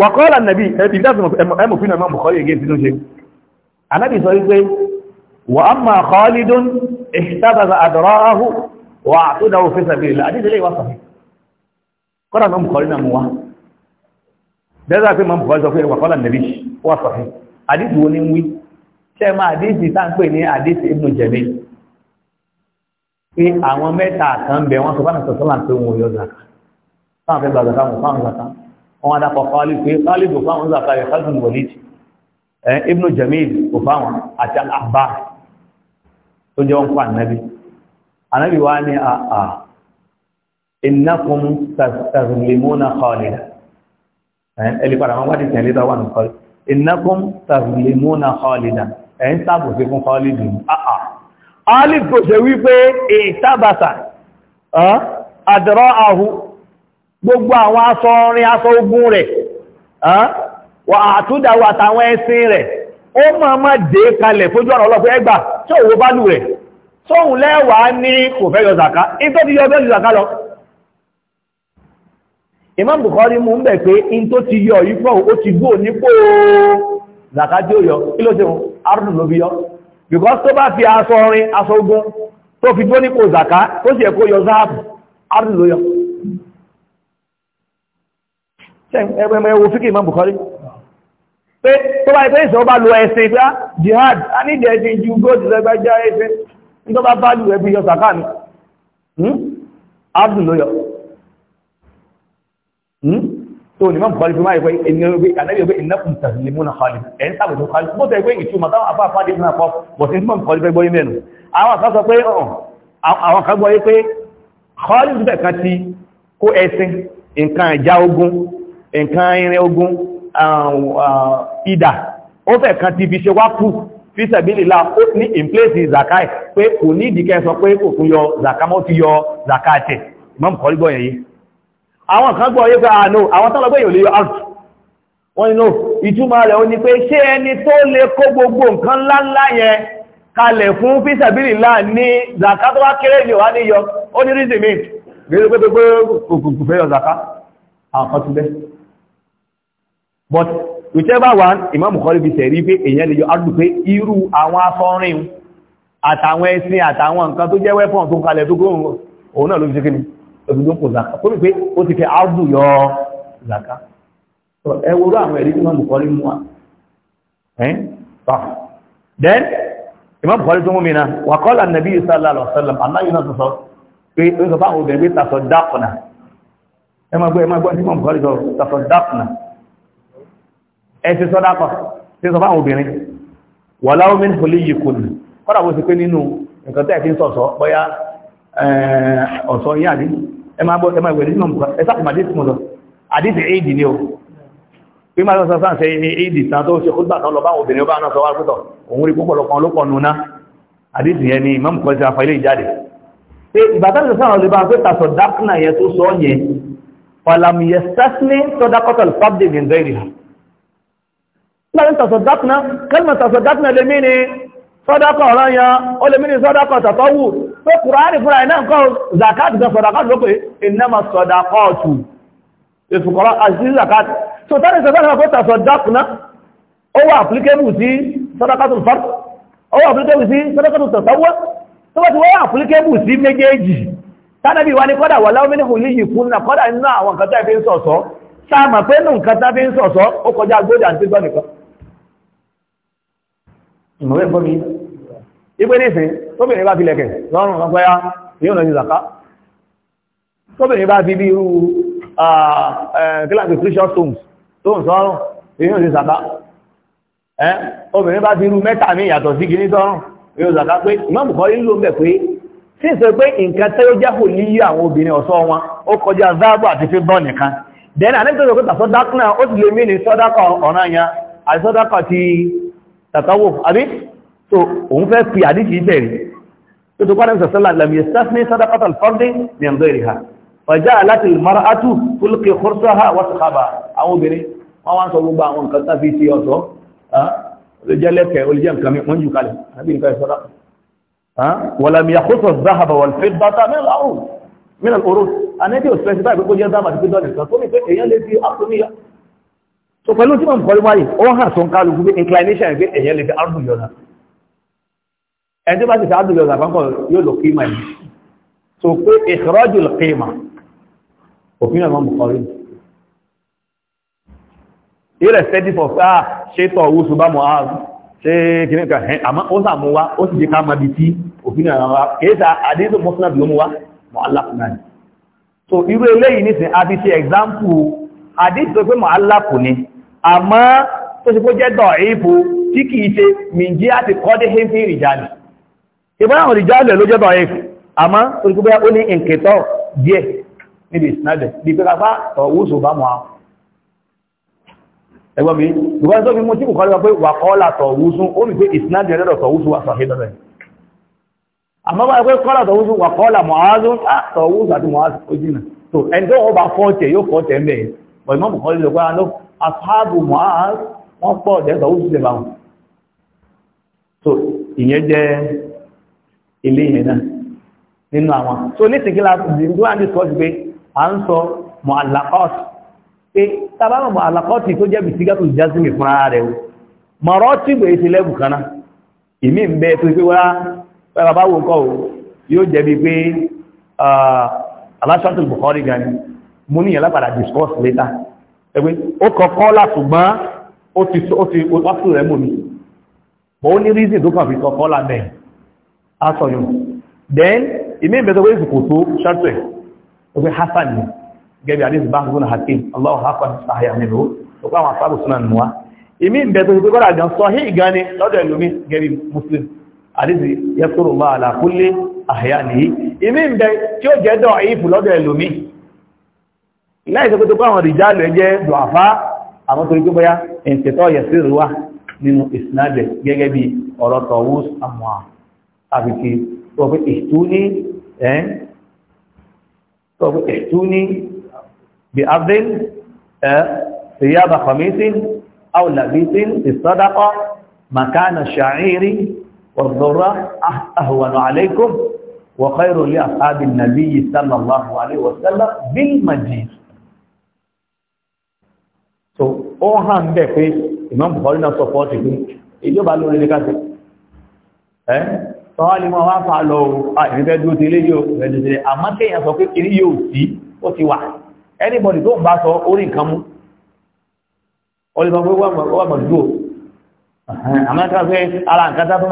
wàkọ́lá nàbí ẹmùfin náà Bukhari gẹ́ sínú ṣe anábì sọ wípé wà á máa Khalidun ìṣítàbàzà àdọ̀rọ̀hù wà tó dáwò fẹ́ sàbílẹ̀ àdíjẹ́lẹ̀ ìwásọ̀ kọ́lá náà Bukhari náà mú wá dẹ́zà pé mọ́ Bukhari sọ pé wàkọ́lá nàbí wásọ̀ àdíjì wo ní wí ṣe máa àdíjì tá ń pè ní àdíjì ibnu jẹ̀mí pé àwọn mẹ́ta kan wọ́n sọ fánà sọ sọ́là pé wọn yọ zaka fáwọn fẹ́ gbàgbà fáwọn fáwọn zaka wọ́n adápọ̀ kọ́lì pé kọ́lì kò fáwọn zakari khalifun walid ibnu jamil kò fáwọn àti àbá tó jẹ́ wọn kọ́ ànábì ànábì wá ní àà innakum tazlimuna khalida ẹlì padà wọn wádìí tẹ̀lé tọ́wọ́ nù kọ́lì innakum tazlimuna khalida ẹ̀ ń sábò sí fún kọ́lì gbogbo àwọn aṣọ ọrin aṣọ ogun rẹ̀ ah, wà àtúndàwò àtàwọn ẹṣin rẹ̀ ó máa má dé kalẹ̀ fójú ọ̀rọ̀ ọlọ́pẹ́ ẹgbà tí òwò bá lù rẹ̀ sóhun lẹ́wàá ní kò fẹ́ yọ zàká in tó ti yọ bẹ́ẹ̀ zàká lọ Imam Bukhari mú ń bẹ̀ pé in tó ti yọ yípo ó ti gbó because tó bá fi aṣọ ọrin aṣọ ogun tó fi gbó nípò zàká tó sì ẹ̀kọ́ yọ záàbù arùn ẹwọ fíkì Imam Bukhari pé tó bá ìpé ìṣọ́ bá lo ẹ̀sìn pé ah, jihad a ní ìdẹ̀ẹ̀dẹ̀ ju góòdì lẹ́gbẹ́já ẹ̀sìn ní tó bá bá lù ẹbí yọ sàkà ní hmm? abdul lóyọ hmm? tó ní Imam Bukhari fi máa ìpé ìnáwó ìnákùn tàbílímúnà Khalid ẹ̀ ń sábẹ̀ tó Khalid bó tẹ́ pé ìtumọ̀ táwọn afá àfáàdé fún àpọ̀ bọ̀ sí Imam Bukhari fẹ́ gbọ́ mẹ́nu àwọn àfá sọ pé àwọn kan gbọ́ pé Khalid bẹ̀ kan ti kó ẹ̀sìn nǹkan ìjà ogun nǹkan irin ogun um, uh, ìdà ó fẹ́ kan ti fi ṣe wá kú fi sẹ̀bílìlá ó ní in place zaka ẹ̀ pé kò ní ìdíkẹ́ sọ pé kò tún yọ zaka mọ́ ti yọ zaka tẹ̀ mọ́m kọ́ gbọ́ yẹ̀yẹ́ àwọn kan gbọ́ yẹ́ pé àánú ah, àwọn tọ́lọ́gbọ́ yóò lè yọ zaka tó wá kéré ní wá ní yọ ó ní rízì mi zaka àwọn kan ti but whichever one Imam Bukhari fi sẹ̀rí pé èyàn lè yọ adù pé iru àwọn afọ́rin àtàwọn ẹṣin àtàwọn nǹkan tó jẹ́ weapon tó kalẹ̀ to go. òun náà ló fi ṣe kíni òfin kò zaka kó rí pé ó ti fi adù yọ So ẹ worú àwọn ẹ̀rí Imam Bukhari mú wa then Imam Bukhari tó mú mi náà wà kọ́lá nàbí sallallahu alaihi wasallam aláyé náà sọ pé ó sọ fáwọn obìnrin pé tasọ̀dápùnà ẹ máa gbọ́ ẹ máa gbọ́ Imam Bukhari sọ tasọ̀dápùnà ẹ̀sì sọ́dápọ̀ tí sọ fáwọn obìnrin walau min huliyikun kọ́dà bó ti pé nínú nǹkan tẹ́ẹ̀kí ń sọ̀sọ́ bọ́yá ọ̀sọ́ yí àdí ẹ máa gbọ́ ẹmà ìwẹ̀rí nínú nǹkan ẹsà kùmàdé tí mo lọ àdíṣe éèdì ni o pé máa sọ sáà ṣe éèdì tán tó ṣe kúgbà kan lọ bá obìnrin bá náà sọ wá pẹ́tọ̀ òun rí yẹn ni imam kan ṣe àfàilé ìjáde pé ìbátàlẹ̀ sọ sáà lè bá pé tàṣọ dákùnà yẹn tó sọ yẹn falamiyestasne sọdakọtọ̀ fabde láàrin tàṣọ̀dápùná kẹ́lùmọ̀ tàṣọ̀dápùná lè mí ni sọ́dápọ̀ ọ̀rọ̀ ya ó lè mí ni sọ́dápọ̀ tàtọ́wù tó kùránì fúnra iná nǹkan zakat gan sọ́dápọ̀ lópe ìnáma zakat so tàbí sọ́dápọ̀ tàṣọ̀dápùná ó wà àplikébù sí sọ́dápọ̀ far ó wà àplikébù sí sọ́dápọ̀ tàtọ́wù tó bá ti ni kọ́dà wà láwọn yìí fún náà kọ́dà nínú àwọn nǹkan tá fi ń sọ̀sọ́ sáàmà pé nù nǹkan tá fi ń sọ̀sọ́ ó kọjá gbódà àti gbọ́ nìkan ìmọ̀wé fún mi ipé nísìn tóbìnrin bá fi lẹ̀kẹ̀ lọ́rùn ọgbẹ́ ya yóò lọ́sí zaka tóbìnrin bá fi bí irú kílàkì christian stones tó ń sọ́rùn yóò lọ́sí zaka obìnrin bá fi irú mẹ́ta ní ìyàtọ̀ sí kìíní sọ́rùn yóò zaka pé ìmọ̀mù kan nílò mẹ́ pé sí ìsọ pé nǹkan tẹ́ ó jáfò ní yí àwọn obìnrin ọ̀ṣọ́ wọn ó kọjá záàbù àti fi bọ́ nìkan then anẹ́tọ̀ọ́ pé tàṣọ́dákùnà ó sì lè mí ní sọ́dákọ̀ ọ̀ràn yẹn àti sọ́dákọ̀ ti tàtàwò àbí tó òun fẹ́ fi àdíkì bẹ̀rẹ̀ tó tó kọ́nà sọ̀sọ́lá lẹ́mí sẹ́fẹ́ sádàkátà fọ́dé ní ẹ̀mdọ́ ìrìhà fàjá aláti mara átù fúlùkì kọ́sọ́há wọ́sọ̀kábà àwọn obìnrin wọ́n wá ń sọ gbogbo àwọn nǹkan tàbí sí ọ̀sọ́ olùjẹ́lẹ́kẹ̀ olùjẹ́ nǹkan mi wọ́n jù kalẹ̀ àbí nǹkan ìsọ́dá wọ̀làmì àkóso záhàbà wọ̀l fi bàtà mẹ́rin àrùn mẹ́rin òru àníkì òṣèlú báyìí pé kó jẹ́ dáàmà ti fi dọ́ọ̀lì kan tó ní so pẹ̀lú tí wọ́n kọ́ wáyé ó hàn tó ń ká lùkú bí inclination ẹgbẹ́ èyàn lè fi ardù yọ̀nà ẹni tó bá ti fi ardù yọ̀nà àpapọ̀ yóò lọ kíma yìí so pé ìkọ́rọ́jù lọ kíma òfin ọmọ bukọrí ilẹ̀ steady for far ṣe tọ̀ owó ṣùgbọ́n mọ̀ áàrùn ah, ṣe kìíní kan hẹn àmọ́ ó sàmú ó sì jẹ́ ká àmọ́ tó ṣe kó jẹ́ dọ̀ ìfò tí kìí ṣe mìjí àti kọ́dé hẹ́fì ìrìjálì ìbọn àwọn ìrìjálì ló jẹ́ dọ̀ ìfò àmọ́ tó ṣe kó bẹ́ ó ní ìkẹtọ̀ díẹ̀ níbi ìsinadẹ̀ bí pé káfá ọ̀wọ́sọ̀ bá mọ́ àwọn ẹgbọ́n mi ìwọ́n tó fi mú tí kò kọ́lọ́ pé wà kọ́lá tọ̀wúsún ó mi pé ìsinadẹ̀ lọ́dọ̀ tọ̀wúsún wà sọ̀hẹ́ lọ́dọ̀ àmọ́ bá pé kọ́lá tọ̀wúsún wà kọ́lá mọ̀ázún tọ̀wúsún àti mọ̀ázún ó asáàbù Mu'az wọ́n pọ̀ dẹ́sọ̀ ó sílẹ̀ báwọn so ìyẹn jẹ́ ilé yẹn náà nínú àwọn so ní ìsìnkílá ìdúwà ní sọ́ọ̀tì pé a ń sọ mọ̀àlàkọ́ọ̀tì pé tàbábà mọ̀àlàkọ́ọ̀tì tó jẹ́ bìtígàtù jásímì fúnra rẹ̀ o mọ̀rọ́ tí gbé ṣe lẹ́bù kaná ìmí ń bẹ tó pé wá bàbá wo nǹkan jẹ́ bí pé ah, aláṣọ́tì Bukhari gan ni later ẹ̀wẹ́ ó kọ̀kọ́ látùgbọ́n ó ti wáṣù rẹ̀ mú mi bọ́ ó ní reason tó kàn kọ̀kọ́ lábẹ́ aṣọ then ìmí ìbẹ̀tọ̀ ìsìnkò tó ṣàtọ̀ ẹ̀ ọgbẹ́ hassan ni gẹ́bí àdéhùn bá gbóná allah muslim láì sọ pé tó káwọn rìjálù ẹ jẹ́ dùàfá àwọn torí gbogbo ya ìǹtẹ̀tọ́ yẹ̀sí rúwà nínú ìsinadẹ̀ gẹ́gẹ́ bí ọ̀rọ̀ tọ̀wọ́s àmọ́ àfikì tó pé ìtú ní ẹ́ tó pé ìtú ní bí abdín ẹ́ síyába kọmísín áwùlàbísín ìsọ́dákọ́ makana sha'iri wàzọ́rọ̀ ahùwànà alaikum so ó hàn bẹ́ẹ̀ pé Imam Bukhari náà sọ fọ́ọ̀tì pé ìjọba lórí ní káṣí ẹ́ tọ́wọ́ ni wọ́n wá fà lọ ìrìnfẹ́ dúró ti léyìí ẹ̀dùnṣẹ́ àmọ́ kéèyàn sọ pé kiri yóò sí ó ti wà anybody tó ń bá sọ orí nǹkan mú ọlọ́pàá pé wà mọ̀ dúró àmọ́ ká pé ara nǹkan tá tó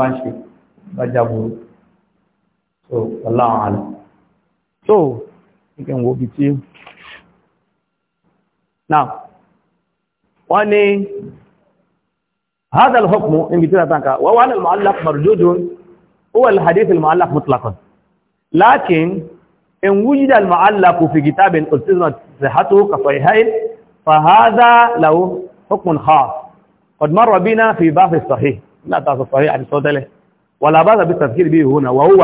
máa so Allah àlọ́ so kíkẹ́ wo bí tí náà wọ́n ni هذا الحكم ان بتاتك وهو المعلق مردود هو الحديث المعلق مطلقا لكن ان وجد المعلق في كتاب استثنت صحته كصحيحين فهذا له حكم خاص قد مر بنا في باب الصحيح لا تعرف الصحيح عن صوت ولا باس بالتذكير به هنا وهو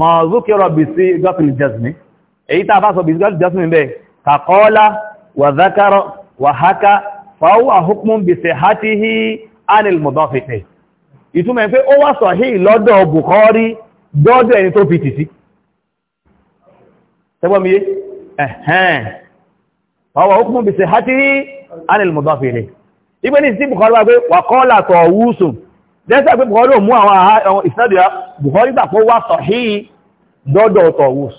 ما ذكر بصيغه الجزم èyí tàà bá sọ bí ìsìnkú jẹ́sùn bẹ́ẹ̀ kàkọ́ọ́lá wà zákàrọ̀ wà háká fàáwà hukmun bí sẹ hátíhí anil mọ̀dọ́fẹ́fẹ́ ìtumẹ̀ pé ó wá sọ̀hí lọ́dọ̀ Bukhari dọ́dọ̀ ẹni tó fìtì sí tẹ́gbọ́mìyé ẹ̀hẹ́n fàáwà hukmun bí sẹ hátíhí anil mọ̀dọ́fẹ́fẹ́ ìgbẹ́ ní sí Bukhari wá pé wà kọ́ọ́lá tọ̀ dọ́dọ̀ tọ̀ wús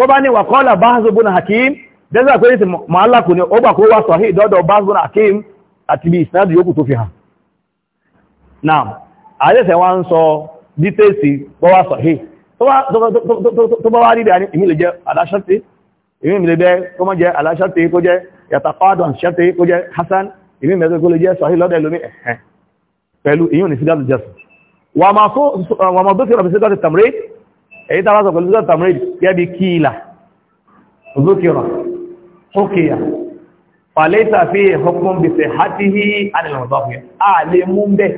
tó bá ní wàkọ́lá báhásùbùn hakim dẹ́sà pé ìsìn màálàkù ni ó gbà kó wá sọ̀hí ìdọ́dọ̀ báhásùbùn hakim àti bí ìsinádì yókù tó fi hàn náà àdẹ́sẹ̀ wá ń sọ dítẹ́sì bọ́ wá sọ̀hí tó bá wá rí rẹ̀ èmi lè jẹ́ aláṣẹ́tì èmi lè jẹ́ kó mọ́ jẹ́ aláṣẹ́tì kó jẹ́ yàtàfádàn ṣẹ́tì kó jẹ́ hasan èmi mẹ́rin kó lè jẹ́ sọ̀hí lọ́dẹ̀ lómi ẹ̀hẹ́ pẹ̀lú èyí tàbí sọ pẹ̀lú tàmírí gẹ́bí kíìlà òzókèrà ókèyà pàlẹ́ta fi ẹ̀họ́kún bí fẹ̀ há tí hí alìlànàbáfẹ́ a lè mú bẹ́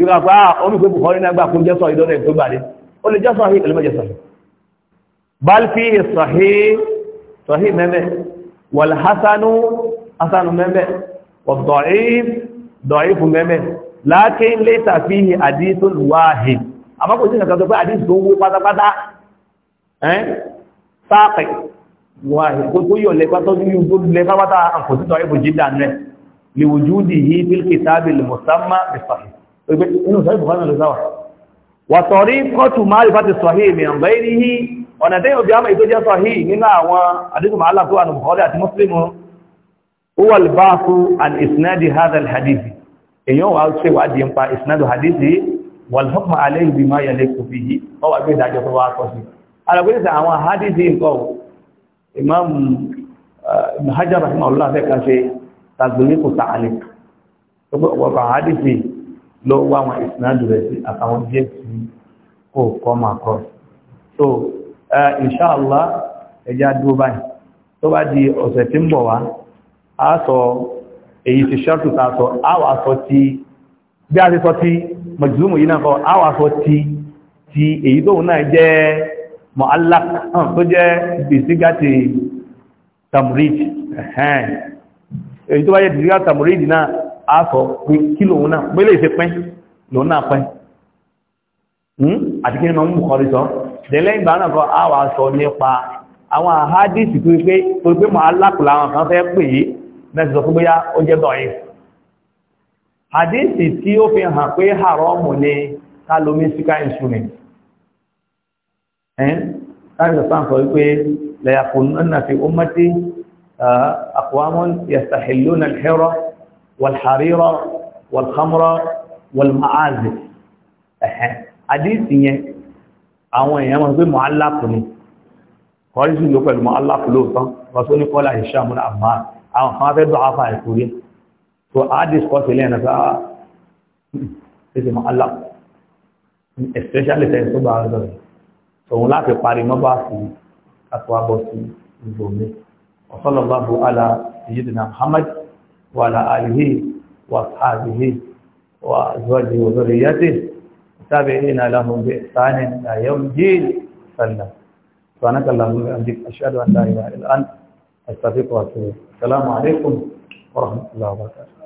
yóò pẹ́ omi pé ah, buhari náà gbà kún jẹ́sọ̀ ìdọ́rẹ̀ tó gbà rí ó lè jẹ́sọ̀ ahí pẹ̀lú mẹ́jẹsọ̀ bal fi àmọ́ kò sí nǹkan tó pé àdíṣì tó ń wó pátápátá sáàpẹ̀ wà ìkókó yọ̀ lẹ́pá tó ní yóò lẹ́pá pátá àkọsítọ̀ ẹ̀bù jídà rẹ̀ lè wòjú dì yí bílkì tábì lè mọ̀sánmá ìfàhì inú sọ́yìn bùkán lè sáwà wàtọ̀rí kọ́tù máa rí fàtí sọ̀hí mi àmbá irí yí ọ̀nà tẹ́yìn òbí àmà ìtó jẹ́ sọ̀hí nínú wà lè wà ṣèwádìí ń pa ìsinadu hadithi wàlúhọ́pọ̀ alẹ́ ìbí máa yẹlẹ́ kò fi yí ọwà bí ìdájọ́ tó wá kọ́ sí Ala àwọn hadithi nǹkan imam eh, hajjar rahman allah fẹ́ kan ṣe tàgbìlì kò tààlì ọgbọ̀gbọ̀ hadithi ló wá wọn ìsinádù rẹ̀ sí àtàwọn díẹ̀ sí kò kọ́ so eh, di a sọ ti a mọ̀jùlùmù yìí náà kọ́ àwà sọ ti ti èyí tóun náà jẹ́ mu'allaq tó jẹ́ bìsígàtì tamrid èyí tó bá jẹ́ bìsígàtì tamrid náà a sọ pé kí lòun náà pẹ́lẹ̀ ìṣe pẹ́ lòun náà pẹ́ hmm? àti kí ni wọ́n mú kọrí sọ dẹ̀lẹ́ ìgbà náà kọ́ àwà sọ nípa àwọn àhádìsì tó pé mu'allaq hadithi tí ó fi hàn pé haramu ni ká lo musical instrument ẹ́n láti sọ́sán sọ wípé layakunanna fi ummati aqwamun yastahilluna al-hira wal-harira wal-khamra wal-ma'azif ẹ̀hẹ́n hadithi yẹn àwọn èèyàn mọ̀ pé mọ̀álàpù ni kọ́rí sí ìlú pẹ̀lú mọ̀álàpù lóòtán rọ́sóníkọ́lá ìṣàmúnà àmà àwọn kan fẹ́ dọ́ تو آج اس کو سے لینا تھا اس میں اللہ اسپیشل سے سو باہر کر تو اللہ کے پاری میں بات کی اقوا بوسی بولنے وصلى الله على سيدنا محمد وعلى آله وأصحابه وأزواجه وذريته تابعين لهم بإحسان إلى يوم الدين سلم سبحانك اللهم وبحمدك أشهد أن لا إله إلا أنت أستغفرك وأتوب السلام عليكم ورحمة الله وبركاته